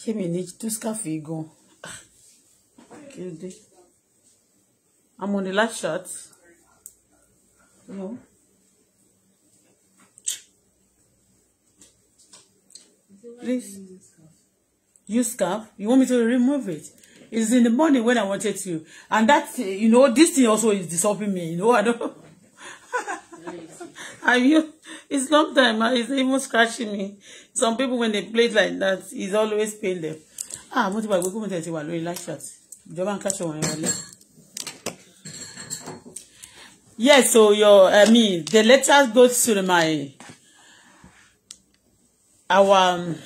ṣé mi ní túskáfì gan ah, kí ló I'm on the last shot. No. Please. you scarf. You want me to remove it? It's in the morning when I wanted to. And that, you know, this thing also is disturbing me. You know, I don't. I'm you. It's long time. It's even scratching me. Some people when they play it like that, it's always pain them. Ah, mo ti gbàgbé kúmọ̀ tẹ̀sí wà lórí live chat. Ìjọba ń káṣọ wọn wọlé. Yes, so your I mean the letters go to my our um,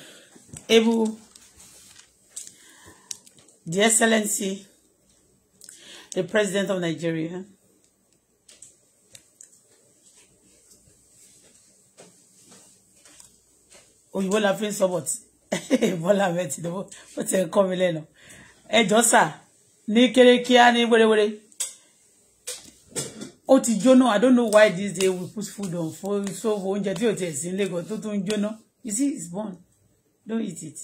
able the excellency, the president of Nigeria. òyìnbó la fi ń sọ bọ̀tì bọ́lá bẹ́ẹ̀ ti lọ́wọ́ ó ti ń kọ́ mi lẹ́nu ẹjọ́ sà ní kérékíá ní wéréwéré ó ti jóná i don't know why this day we put food on so oúnjẹ tí ò tiẹ̀ sí ní Lagos tó tún jóná you see it's born don't eat it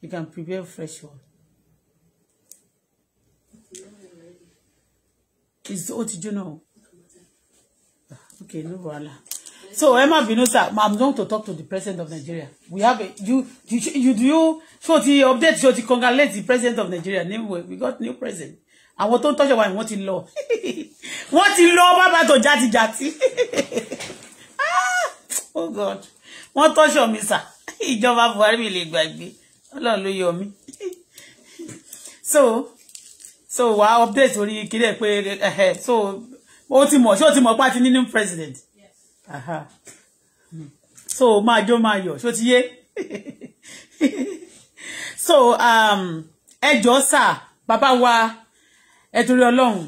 you can prepare fresh one. It's ti jóná ah, okay no wahala. So Emma Binosa, I'm going to talk to the president of Nigeria. We have a you you you do you so the update so the congratulate the president of Nigeria. Anyway, we got new president. Àwọn tó ń tọ́jú wa wọ́n ti law. Wọ́n ti lọ bàbá to jati jati. Oh God. Wọ́n tọ́jú mi sà. Ìjọba Buhari mi lè gbàgbé. Ọlọ́run ló yọ mí. So so wá update orí kid. Eh, eh, so what's more, mọ̀ ṣé ó ti mọ̀ president so máa jó máa yọ̀ ṣó ti yé so um, ẹ jọ̀ọ́ sà bàbá wa ẹ torí Ọlọ́run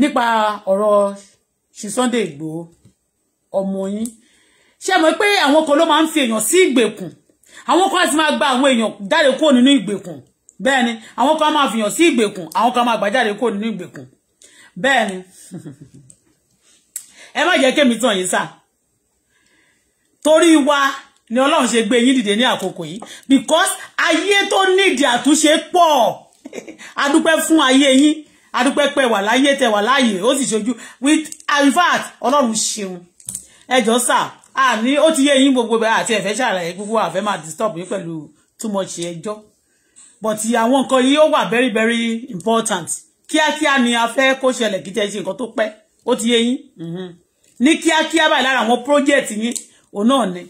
nípa ọ̀rọ̀ ṣì Sunday Ìgbòho ọmọ yín ṣé mọ̀ pé àwọn kan ló máa ń fi èèyàn sí ìgbèkùn àwọn kan á ti máa gba àwọn èèyàn jáde kúrò nínú ìgbèkùn bẹ́ẹ̀ ni àwọn kan á máa fìyàn sí ìgbèkùn àwọn kan á máa gbà jáde kúrò nínú ìgbèkùn bẹ́ẹ̀ ni ẹ má jẹ́ kémi tàn yín sà torí wa ni ọlọ́run ṣe gbé yín dìde ní àkókò yìí because ayé tó nídìí àtúnṣe pọ̀ adúpẹ́ fún ayé yín adúpẹ́ pẹ́ wà láyé tẹ́ wà láàyè ó sì ṣojú with uh, in fact ọlọ́run ṣeun ẹ jọ̀ọ́ sà a ní ó ti yé yín gbogbo bẹ́ẹ̀ àti ẹ̀fẹ́ ṣàlàyé gbogbo àfẹ́ máa disturb yín pẹ̀lú too much ẹjọ́ but àwọn nǹkan yìí ó wà very very important kíákíá ni a fẹ́ kó ṣẹlẹ̀ kí tẹ́ ṣe nǹkan tó pẹ́ ó ti yé yín. Mm-hmm ní kíákíá báyìí lára àwọn project yín òun náà ni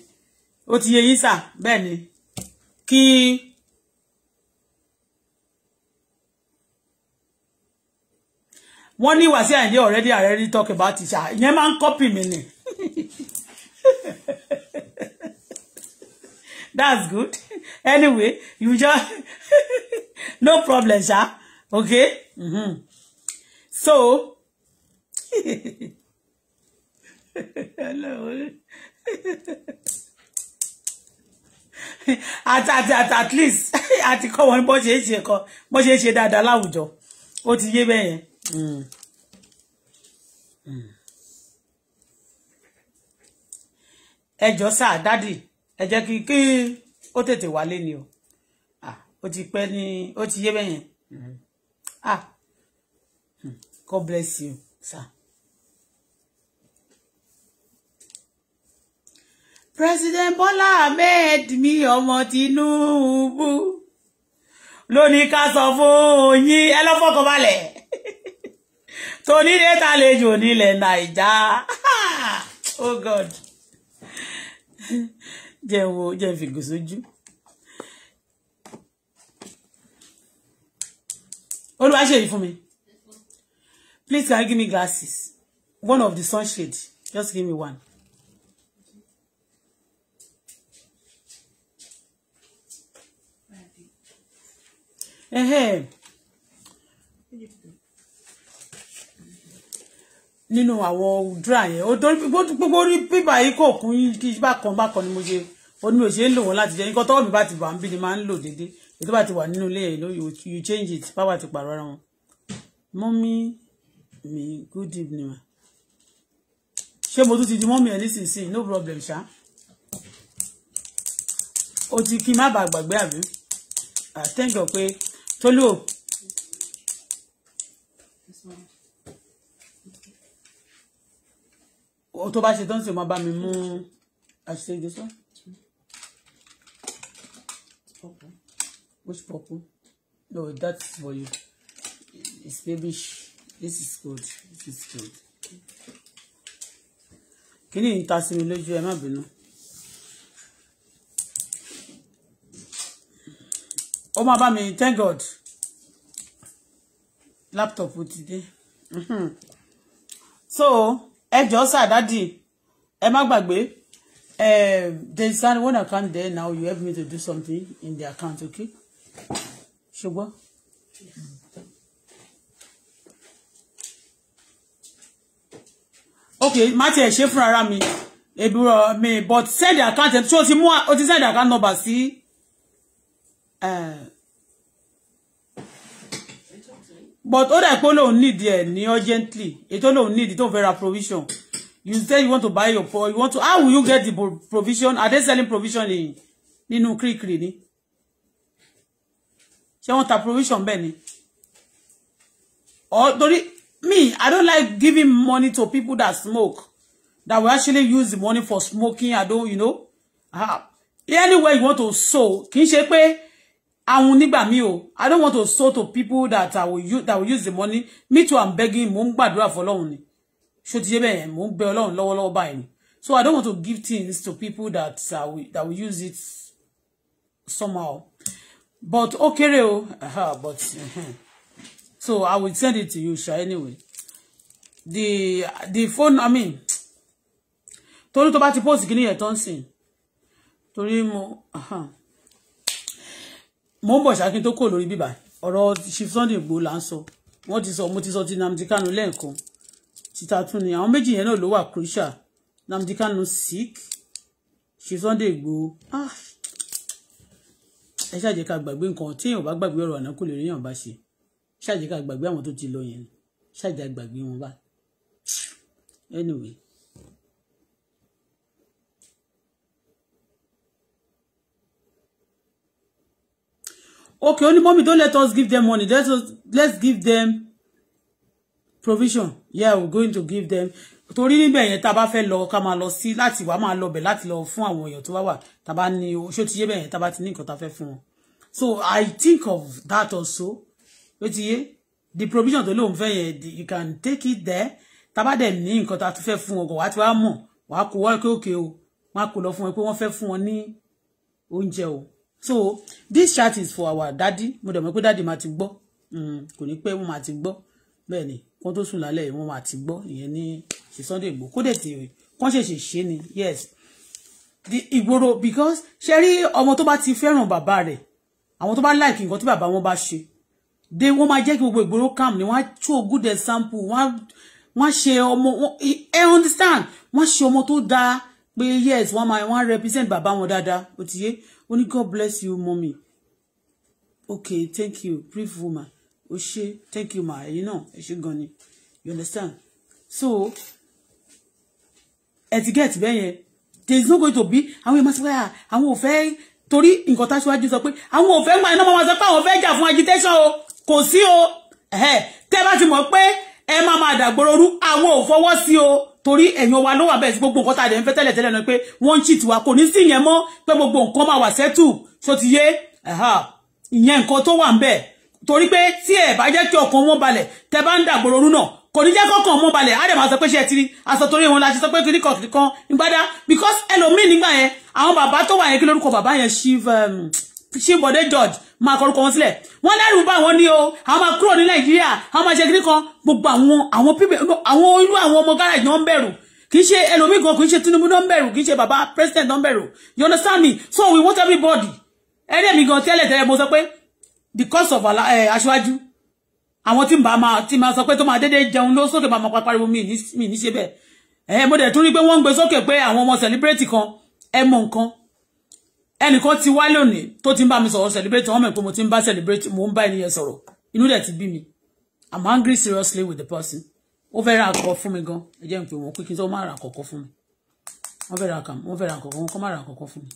ó ti yẹ yín sà bẹ́ẹ̀ ni kí wọ́n ní Wàsíù Àyìndé already already talk about it ìyẹn máa ń copy mi ni that's good anyway you just no problem sha okay mm-hmm. so at at at at least àti kọ́ wọn bó ṣe é ṣe kọ́ bó ṣe é ṣe dáadáa láwùjọ ó ti yé bẹ́ẹ̀ yẹn. Hmm. Hmm. ẹ jọ̀ọ́ sáà dádì ẹ jẹ́ kí kí ó tètè wálé ni o ó ti pẹ́ ní ó ti yé bẹ́ẹ̀ yẹn. Hmm. God bless you, sir. president Bola Ahmed mi ọmọ Tinubu ló ní ká sọ fún yín ẹ lọ fọkàn balẹ̀ toní data lejò nílẹ̀ Nàìjà oh god jẹ́ wo jẹ́ fìgò sójú. Olúwa ṣe yìí fún mi. Please can you give me glasses? One of the sunshade. Just give me one. nínú àwọn dra yẹn gbogbo orí pípa yìí kò kún kí bákan bákan ni mo ṣe ó ní òṣèré ń lò wọn láti jẹ nǹkan tọ́wọ́ mi bá ti wà ń bí ni máa ń lò déédéé èyí bá ti wà nínú ilé yẹn you change it báwa ti pààrọ̀ ara wọn. mọ́mí mi good evening ma ṣé mo tún ti di mọ́mí ẹ̀ nísinsìnyí no problem ṣá o ti kí n má bàa gbàgbé àbí ah, thank you, pé. Tolu o. o tó bá ṣe tán sí ma bá mi this one. Purple. which purple no that's for you it's babish this is good this is good kí ni ìta sí mi lójú ẹ má bínú. ó máa bá mi thank god laptop ti dé mm-hmm. so ẹ jọ sàdádì ẹ má gbàgbé um, there is one account there now you help me to do something in the account okay ṣùgbọ́n. okay má tiẹ̀ ṣe fúnra mi èdúró mi but send the account ṣé o ti mú o ti send account number see? Eh. but ó dà pé lòun need ẹ urgently. It ètò lòun need It fẹ́ ra provision you say you want to buy your poor you want to how will you get the provision are they selling provision in In kirikiri ni ṣé wọ́n ta provision Benny. ni or torí me I don't like giving money to people that smoke that will actually use the money for smoking I don't you know ah anywhere you want to sow Can í ṣe pé àwọn nígbà mi o i don't want to sow to people that i will use that will use the money me too i'm begging mo ń gbàdúrà fọ́lọ́run ni ṣó ti yé bẹ́ẹ̀ mo ń bẹ Ọlọ́run lọ́wọ́lọ́wọ́ báyìí ni so i don't want to give things to people that i will that will use it somehow but okay, kéré o but so i will send it to you sha anyway the the phone i mean torí tó bá ti post kìíní yẹn tó ń sìn torí mo. Uh -huh mo ń bọ̀ ṣákin tó kò lórí bíbá ọ̀rọ̀ Chief Sunday Igboho là ń sọ wọ́n ti sọ mo ti sọ ti Nnamdi Kanu lẹ́ẹ̀kan títa tún ni àwọn méjì yẹn náà ló wà crucial Nnamdi Kanu sick Chief Sunday Igboho ah ẹ ṣáàjẹ́ ká gbàgbé nǹkan tí èèyàn bá gbàgbé ọ̀rọ̀ àná kò lè ríyàn bá ṣe ṣáàjẹ́ ká gbàgbé àwọn tó ti lọ yẹn ṣáàjẹ́ gbàgbé wọn bá anyway okay only mommy don't let us give them money let's let's give them provision yeah we're going to give them torí níbẹ̀ yẹn tá a bá fẹ́ lọ ká máa lọ sí láti wá máa lọ bẹ̀ láti lọ fún àwọn èèyàn tó bá wà tá a bá ní oṣó tí yé bẹ̀ yẹn tá a bá ti ní nǹkan tá a fẹ́ fún wọn so i think of that also ó ti yé the provision tó lóun fẹ́ yẹn you can take it there tá a bá dẹ̀ ní nǹkan tá a tún fẹ́ fún ọkọ̀ wá ti wá mọ̀ wá kó wá pé òkè o wọ́n á lọ fún wọn pé wọ́n fẹ́ fún wọn ní oúnjẹ o so this chat is for our daddy mo dẹ̀ mọ̀ pé daddy máa ti gbọ́ mm, kò ní pẹ́ wọ́n máa ti gbọ́ bẹ́ẹ̀ ni wọ́n tó sùn lálẹ́ wọ́n máa ti gbọ́ ìyẹn ní ṣe Sunday Igboho kó dẹ̀ ti wọ́n ṣèṣe ṣe ni yes the igboro because ṣe rí ọmọ tó bá ti fẹ́ràn bàbá rẹ̀ àwọn tó bá like nǹkan tí bàbá wọn bá ṣe dé wọ́n máa jẹ́ kí gbogbo Ìgboro calm ni wọ́n á tú a good example wọ́n á wọ́n ṣe ọmọ ẹ understand wọ́n ṣe ọmọ tó dáa pé yes wọ́n máa wọ́n represent bàbá wọn dáadáa ó ti yé ó ní god bless you mommy okay thank you brief woman ó ṣe thank you ma ẹ̀yin náà ẹ ṣe gan ni you understand so ẹ ti get bẹ́ẹ̀ yẹn there is no going to be àwọn èèyàn sọ pé ah, àwọn ò fẹ́ torí nǹkan tá a ṣíwájú sọ pé àwọn ò fẹ́ máa iná máa sọ pé àwọn ò fẹ́ jà fún agitation o kò sí o tẹ́ bá ti mọ̀ pé ẹ máa máa dàgbòrò rú àwọn ò sí o torí ẹ̀yàn wa ló wà bẹ́ẹ̀ sí gbogbo nǹkan tá a dẹ̀ ń fẹ́ tẹ́lẹ̀ tẹ́lẹ̀ náà pé wọ́n ń cheat wa kò ní sí ìyẹn mọ́ pé gbogbo nǹkan máa wà sẹ́tù tó ti yé ìyẹn nǹkan tó wà ń bẹ̀ torí pé tí ẹ̀ bá jẹ́ kí ọkàn wọn balẹ̀ tẹ́ bá ń dàgbòrò rú náà kò ní jẹ́ kọ́kàn wọn balẹ̀ á dẹ̀ máa sọ pé ṣe tiri aṣọ torí wọn la ṣe sọ pé kiri kan kiri kan ìgbádá because ẹlòmíì nígbà yẹn àwọn bàbá tó wà yẹn kí lórúkọ bàbá yẹn ṣív ṣíbọdé george máa kọrúkọ wọn sílẹ̀ wọn lẹ́rù bá wọn ní o àwọn máa kúrò ní nàìjíríà àwọn máa ṣe kíní kan gbogbo àwọn àwọn pípẹ́ àwọn irú àwọn ọmọ gáràjì náà ń bẹ̀rù kì í ṣe ẹlòmíì gan kì í ṣe tinubu náà ń bẹ̀rù kì í ṣe bàbá president náà ń bẹ̀rù you understand me so we want everybody ẹ̀rẹ́ mi gan tẹ́lẹ̀ tẹ́lẹ̀ mo sọ pé the cost of eh, aṣáájú àwọn tí màá máa tí màá sọ pé tó máa dédé jẹun ló sókè máa máa pariwo mi ní ṣe bẹ́ẹ̀ ẹ̀ eh, mo dẹ̀ tún rí pé wọ́n ń gbé sókè pé àwọn ọmọ celebrate kan ẹ mọ nǹkan ẹnìkan ti wá lónìí tó ti ń bá mi sọ̀rọ̀ celebrate wọ́n mọ̀ pé mo ti ń bá celebrate mo ń bá ènìyàn sọ̀rọ̀ inú dẹ̀ ti bí mi i'm angry seriously with the person ó fẹ́ ra àkọ́ fún mi gan ẹ jẹ́ n pè wọ́n pé kí n tó má ra àkọ́kọ́ fún mi wọ́n fẹ́ ra àkọ́kọ́ wọ́n fẹ́ ra àkọ́kọ́ wọ́n kọ́ má ra àkọ́kọ́ fún mi.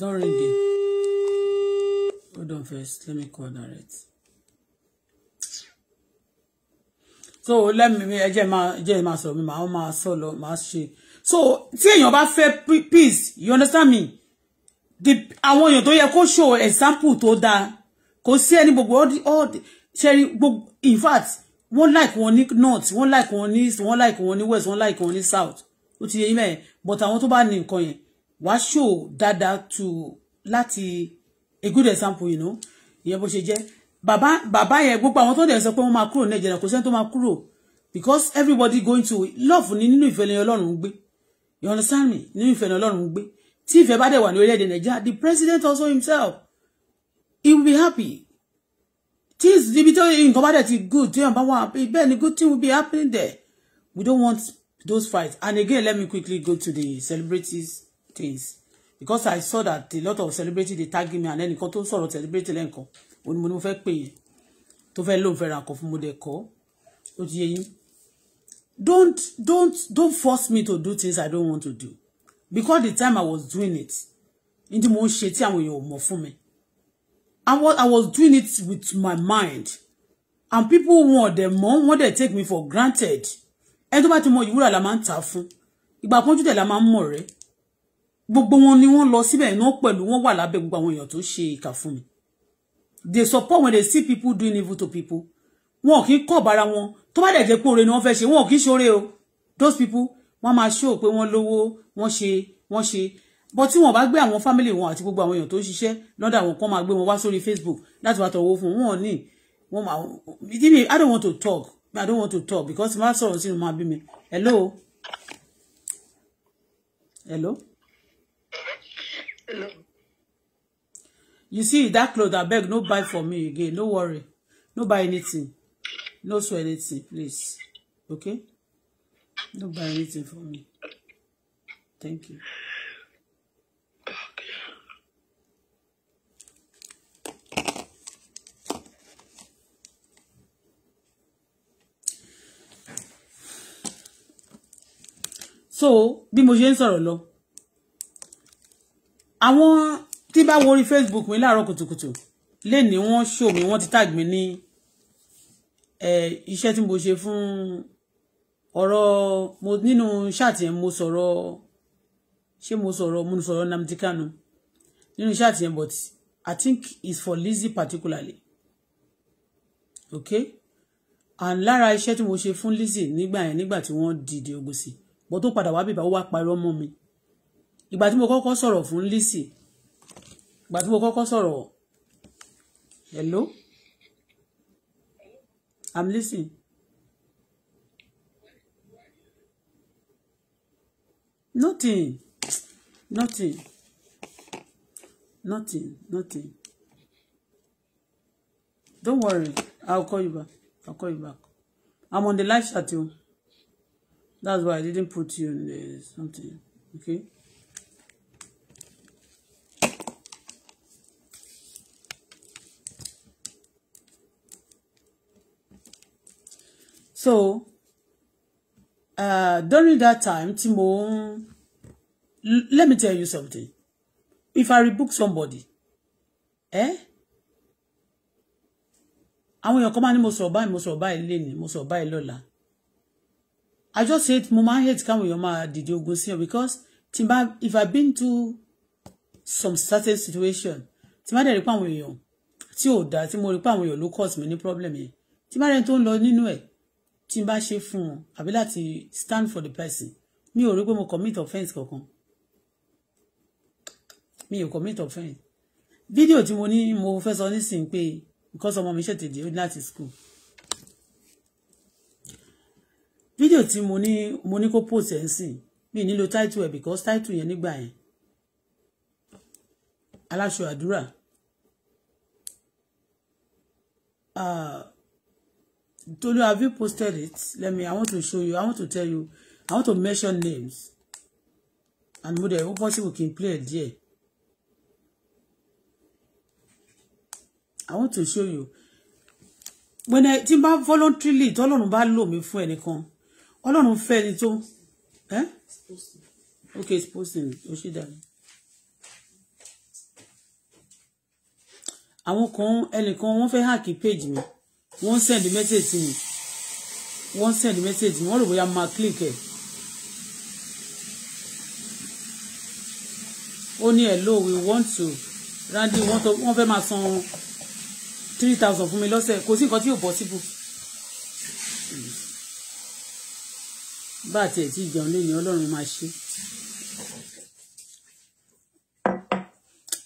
it's not ringing hold on first let me corner it so let me jẹ́ máa jẹ́ máa sọ̀rọ̀ mi màá máa solo. lọ màá so tí èèyàn bá fẹ́ peace you understand me the àwọn èèyàn tó yẹ kó show example tó dáa kò sí ẹni gbogbo all the all the ṣẹ́rí gbogbo in fact one like wọn ní north wọ́n like one east One like one west One like one south ó ti yẹ yín mẹ́rin but àwọn tó bá ní nǹkan yẹn wàá show dáadáa to láti a good example you know ìyẹn bó ṣe jẹ́ bàbá bàbá yẹn gbogbo àwọn tó dẹ̀ sọ pé wọ́n máa kúrò ní ẹ̀jẹ̀ náà kò sẹ́ni tó máa kúrò because everybody going to love ni nínú ìfẹ́ lẹ́yìn ọlọ́run ń gbé you understand me nínú ìfẹ́ lẹ́yìn ọlọ́run ń gbé tí ìfẹ́ bá dẹ̀ wà ní orílẹ̀-èdè nàìjíríà the president also himself he will be happy things níbi tó nǹkan bá dẹ̀ ti good tí wọ́n bá wà happy bẹ́ẹ̀ ni good thing will be happening there we don't want those fights and again let me quickly go to the celebrities things because I saw that a lot of celebrity dey tag me and ẹnìkan tó sọ̀rọ̀ celebrity lẹ́ǹkan òun ni mo ní mo fẹ́ pè yẹn tó fẹ́ lóun fẹ́ ra fún mo dẹ̀ kọ́ ó ti yé yín don't don't don't force me to do things I don't want to do because the time I was doing it ní tí mo ń ṣe tí àwọn èèyàn ò mọ̀ fún mi I was doing it with my mind and people wọn ọ̀dẹ̀ mọ́ wọn dẹ̀ take me for granted ẹni tó bá ti mọ ìwúrà la máa ń tà fún ìgbà kan jùlọ la máa ń mọ̀ rẹ́ gbogbo wọn ni wọ́n lọ síbẹ̀ náà pẹ̀lú wọ́n wà lábẹ́ gbogbo àwọn èèyàn tó ṣe ìkà fún mi they support when they see people doing evil to people wọn kì í kọ̀ bára wọn tó bá dẹ̀ jẹ́ pé oore ni wọ́n fẹ́ ṣe wọn kì í ṣoore o those people wọ́n máa ṣó pé wọ́n lówó wọ́n ṣe wọ́n ṣe bọ́ tí wọ́n bá gbé àwọn family wọn àti gbogbo àwọn èèyàn tó ń ṣiṣẹ́ lọ́dọ̀ àwọn kan máa gbé wọn wá sórí Facebook láti wá tọwọ́ fún wọn ní wọn máa i don't want to talk i don't want to talk because máa sọ̀rọ̀ sínú máa bí mi hello hello. You see that cloth, I beg, no buy for me again. No worry. No buy anything. No swear anything, please. Okay? No buy anything for me. Thank you. So, bí mo ṣe ń sọ̀rọ̀ lọ àwọn tí bá wo orí Facebook mi láàárọ̀ kùtùkùtù lè ní wọ́n ṣò mí wọ́n ti tag mi ní iṣẹ́ tí mo ṣe fún ọ̀rọ̀ mo nínú ṣáàtì yẹn mo sọ̀rọ̀ ṣé mo sọ̀rọ̀ mo sọ̀rọ̀ Nnamdi Kanu nínú ṣáàtì yẹn but I think it's for Lizzie particularly okay and lára iṣẹ́ tí mo ṣe fún Lizzy nígbà yẹn nígbà tí wọ́n dìde ogun sí bọ́ tó padà wá bíbá ó wá parọ́ mọ́ mi ìgbà tí mo kọ́kọ́ sọ̀rọ̀ fún Lizzy ìgbà tí mo kọ́kọ́ sọ̀rọ̀ hello i'm listening. nothing nothing nothing nothing don't worry i'll call you back i'll call you back i'm on the live chat too oh. that's why i didn't put you in the something okay. so uh, during that time tí mo ń let me tell you something if I rebook somebody eh àwọn èèyàn kan máa ní mo sọ̀rọ̀ báyìí mo sọ̀rọ̀ báyìí lénìí mo sọ̀rọ̀ báyìí lọ́la I just hate mo máa hate káwọn èèyàn máa dìde ogun sí ọ because tí bá if I been to some certain situation tí bá dẹ̀ rí pé àwọn èèyàn tí ò dáa tí mo rí pé àwọn èèyàn ló cause mi ní problem yẹn tí bá rẹ̀ tó ń lọ nínú ẹ̀ tí n bá ṣe fún un àbí láti stand for the person mi ò rí pé mo commit offence kankan mi ò commit offence fídíò tí mo ní mo fẹ́ sọ nísìnyí pé because ọmọ mi ṣètìdí ó ní láti school fídíò tí mo ní mo ní kó post ẹ̀ ń sìn mi nílò title ẹ̀ because title yẹn nígbà yẹn aláṣọ àdúrà. Uh, Tolu, have you posted it? Let me, I want to show you. I want to tell you. I want to mention names. And Mude, if possible, can play a dear. I want to show you. When I voluntarily, n bá voluntarily, Ọlọ́run bá lò mí fún ẹnìkan. Ọlọ́run fẹ́ it's tó. Eh? Okay, it's posting. Oshida. Àwọn kan ẹnìkan wọ́n fẹ́ hack page mi wọ́n send message sí mi wọ́n send message sí mi wọ́n rò bóyá máa click ẹ̀ ó ní hello we want to randy wọ́n fẹ́ máa san three thousand fún mi lọ́sẹ̀ kò sí nǹkan tí yóò possible. bá a tiẹ̀ tí jẹun lé ní ọlọ́run máa ṣe.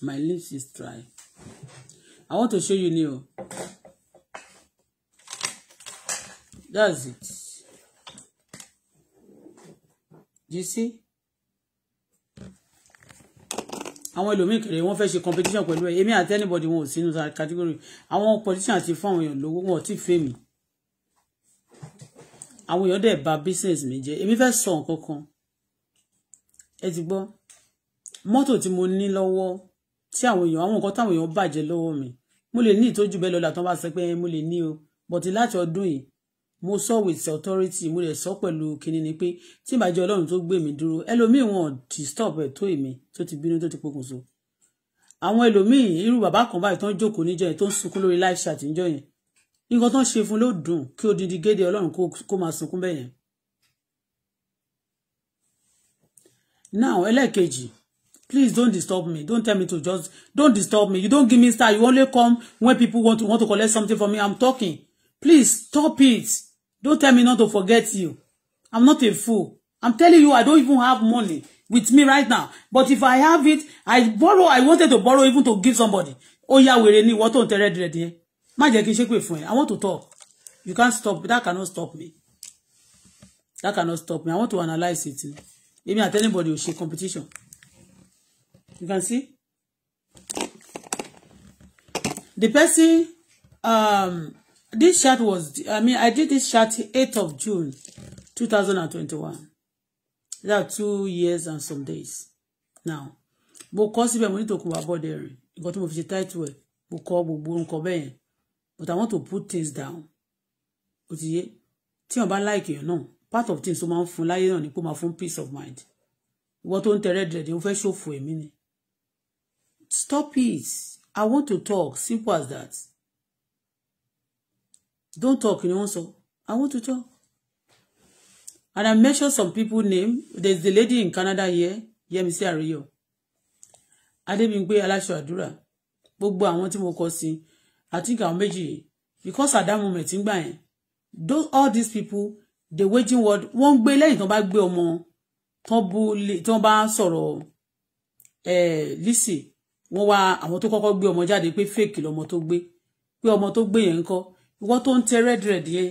my lips is dry. I want to show you new. That's it. You see? àwọn ẹlòmíì kẹrẹ wọn fẹ́ ṣe competition pẹ̀lú ẹ èmi àti anybody wọn ò sínú category àwọn politician ti fún àwọn èèyàn lówó wọn ò tí ì fèmí àwọn èèyàn dẹ̀ bà business mi jẹ́ èmi fẹ́ sọ nǹkan kan ẹ ti gbọ́ mọ́tò tí mo ní lọ́wọ́ tí àwọn èèyàn àwọn nǹkan táwọn èèyàn bàjẹ́ lọ́wọ́ mi mo lè ní ìtọ́jú bẹ́ẹ̀ lọ́la tán bá sọ pé mo lè ní o bọ̀tí láti ọdún yìí mo sọ with authority mo lè sọ pẹ̀lú kinní ni pé tí ìbàjẹ́ ọlọ́run tó gbé mi dúró ẹlòmíì wọn disturb ẹ̀ tó èmi tó ti bínú tó ti pokùnso àwọn ẹlòmíì irú bàbá kan báyìí tó ń jókòó níjọ yẹn tó ń sunkún lórí live chat níjọ yẹn nǹkan tó ń ṣe fún ló dùn kí odindi gédé ọlọ́run kó máa sunkún bẹ́ẹ̀ yẹn. now ẹlẹ́ẹ̀kejì please don't disturb me don't tell me to just don't disturb me you don't give me star you only come when people want to want to collect something from me i'm talking please stop it Don't tell me not to forget you. I'm not a fool. I'm telling you, I don't even have money with me right now. But if I have it, I borrow, I wanted to borrow even to give somebody. Oh yeah, we're ni ìwọ on ń tẹ̀rẹ̀ dìrẹ̀ díẹ̀. Má jẹ́ kí n ṣépè fún I want to talk. You can't stop. That cannot stop me. That cannot stop me. I want to analyze it. Èmi àti anybody ò ṣe competition. You can see. The person um, this shot was I mean I did this shot 8th of June 2021 that two years and some days now But cause if I'm going to talk about there, tí mo fi ṣe title ẹ̀ but I want to put things down But ti yé tí wọn bá láìkè yẹn part of things so máa ń fún láyé náà ni pé ó peace of mind What on ń Red? dẹ̀dẹ̀ ó show for a minute. stop it I want to talk simple as that don't talk you wọ́n so? I want to talk and I mentioned some people name there's the lady in Canada here Yẹmisí Àríyọ Adébímpé aláṣọ àdúrà gbogbo àwọn tí mo kọ sí àti àwọn méjì yìí because at that moment ngbà yẹn those all these people the waging world wọ́n ń gbé lẹ́yìn tán bá gbé ọmọ tán bú tán bá sọ̀rọ̀ Lizzy wọ́n wá àwọn tó kọ́kọ́ gbé ọmọ jáde pé fake lọmọ tó gbé pé ọmọ tó gbé yẹn ń kọ́ ìwọ tó ń tẹ red red yẹn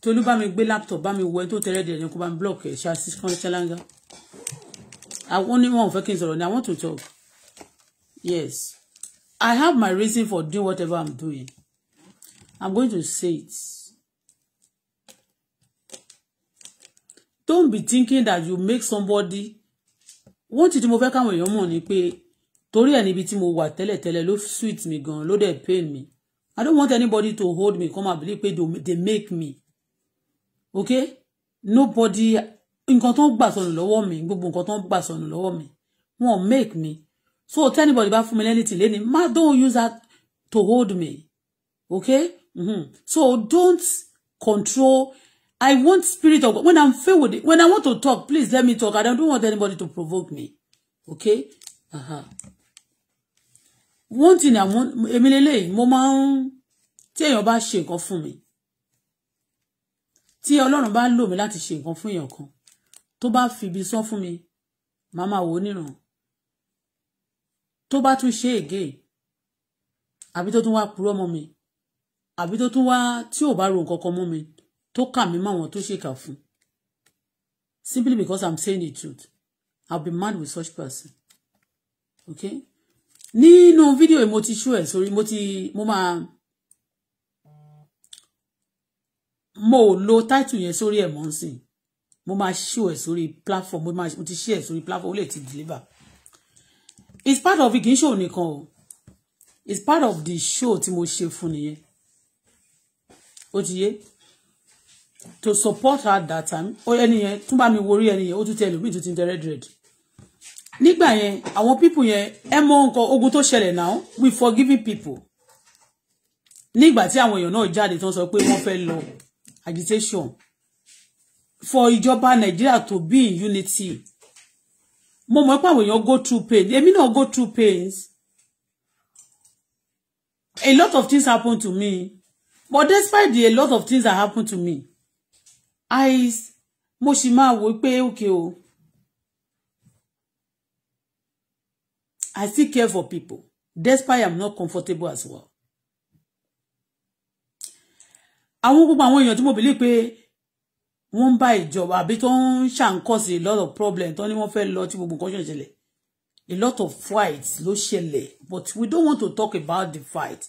tolú bá mi gbé laptop bá mi wọ ẹ tó tẹ red red yẹn kó bá mi block ẹ ṣáàṣì kan ṣáláńgá àwọn ni wọn ò fẹ́ kí n sọ̀rọ̀ ni i want to talk yes i have my reason for doing whatever i'm doing i'm going to say it don't be thinking that you make somebody wọ́n ti tí mo fẹ́ káwọn èèyàn mọ̀ ni pé torí ẹ̀ níbi tí mo wà tẹ́lẹ̀tẹ́lẹ̀ ló sweet mi gan ló dẹ̀ pain mi. I don't want anybody to hold me come and believe they make me okay nobody nǹkan tó ń gbà sọnù lọ́wọ́ mi gbogbo nǹkan tó ń gbà sọnù mi wọ́n make me so tell anybody about fún mi anything lẹ́ni ma don't use that to hold me okay mm-hmm. so don't control I want spirit of God when I'm filled with it when I want to talk please let me talk I don't want anybody to provoke me okay uh-huh one thing àwọn èmi lélẹ́yìí mo máa ń tí èèyàn bá ṣe nǹkan fún mi tí ọlọ́run bá lò mí láti ṣe nǹkan fún èèyàn kan tó bá fibi sọ fún mi màá máa wò ó níran tó bá tún ṣe ègé àbí tó tún wá purọ́ mọ́ mi àbí tó tún wá tí ò bá ro nǹkan kan mọ́ mi tó kà mí mọ́ àwọn tó ṣèkà fún simply because i'm saying the truth i'll be mad with such person okay nínú fídíò yìí mo ti ṣú ẹ̀ sórí mo ti mo máa mo lo title yẹn sórí ẹ̀ mọ́ ń sìn mo máa ṣú ẹ̀ sórí platform mo máa mo ti ṣí ẹ̀ sórí platform ó lè ti deliver it's part of igi show nìkan o it's part of the show tí mo ṣe fún nìyẹn ó ti yé to support her that time ó ẹni yẹn tún bá mi worí ẹni yẹn ó tún tẹ ẹlòmíì tún ti ń tẹ red red nígbà yẹn àwọn pípù yẹn ẹ mọ nǹkan ogun tó ṣẹlẹ̀ náà we forgiving people nígbà tí àwọn èèyàn náà jáde tó ń sọ pé wọ́n fẹ́ lọ agitation for ìjọba nàìjíríà to be in unity mo mọ̀ pé àwọn èèyàn go through pain èmi náà go through pains a lot of things happen to me but despite the a lot of things that happen to me i mo sì máa wò pé okay o. Oh, I still care for people, despite I'm not comfortable as well. Àwọn gbogbo àwọn èèyàn tí mo believe pé wọ́n ń bá ìjọba àbí tó ń ṣàǹkọ́sí a lot of problem tó ní wọ́n fẹ́ lọ tí gbogbo nǹkan ṣẹ̀ṣẹ̀lẹ̀. A lot of fights ló ṣẹlẹ̀ but we don't want to talk about the fight.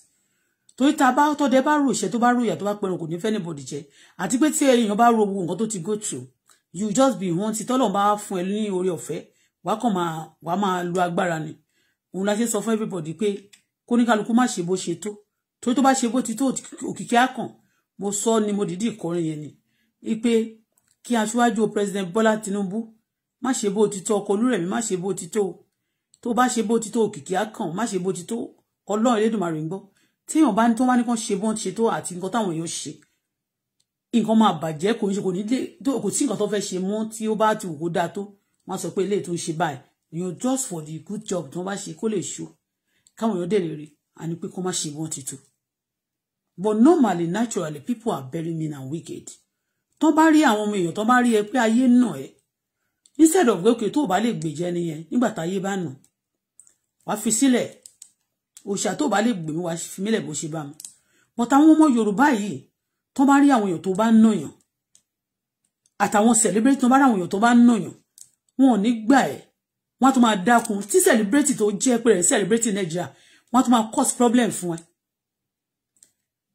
Torí ta bá tọ́dẹ bá rò ìṣẹ́ tó bá rò ìyà tó bá pẹ̀rùn kò ní fẹ́ anybody jẹ àti pé tí èèyàn bá ro gbogbo nǹkan tó ti go through you just be one tí tọ́lọ̀ bá fún ẹ ní orí ọ̀fẹ́ wàá kàn máa wàá máa lo agbára ni òun la ṣe sọ fún everybody pé kóníkálukú má ṣe bó ṣe tó tó tó bá ṣe bó ti tó òkìkí àkàn mo sọ ni mo dìídì kọrin yẹn ni ipe kí aṣíwájú president Bọ́lá Tinubu má ṣe bó ti tó ọkọ Olúrẹ̀mí má ṣe bó ti tó tó bá ṣe bó ti tó òkìkí àkàn má ṣe bó ti tó Ọlọ́run Elédùmarè ń gbọ́ téèyàn bá ní tó bá ní kàn ṣe bó ń ṣe tó àti nǹkan táwọn èèyàn ṣe nǹkan máa bàjẹ́ kò ní ṣe kò ní lè kò sí nǹkan tó fẹ́ ṣe mọ́ tí ó bá ti wò kó dáa tó wọ́n sọ pé eléyìí tó ń ṣe báyìí you just for the good job tí wọ́n bá ṣe kó lè ṣó káwọn èèyàn dẹ̀ lè rí àní pé kó má ṣe wọ́n ti but normally naturally people are very mean and wicked tó bá rí àwọn ọmọ èèyàn tó bá rí ẹ pé ayé nà ẹ instead of gbẹ́kẹ̀ tó bá lè gbèjẹ́ nìyẹn nígbà tá ayé bá nà wá fi sílẹ̀ òṣà tó bá lè gbèmí wá fi mílẹ̀ bó ṣe bá mi but àwọn ọmọ Yorùbá yìí tó bá rí àwọn èèyàn tó bá nàyàn àtàwọn celebrate tó bá rí àwọn èèyàn tó bá nàyàn wọn ò ní gbà ẹ wọ́n tún máa dákun tí celebrate tó jẹ́ pé rẹ̀ celebrate Nigeria wọ́n tún máa cause problem fún ẹ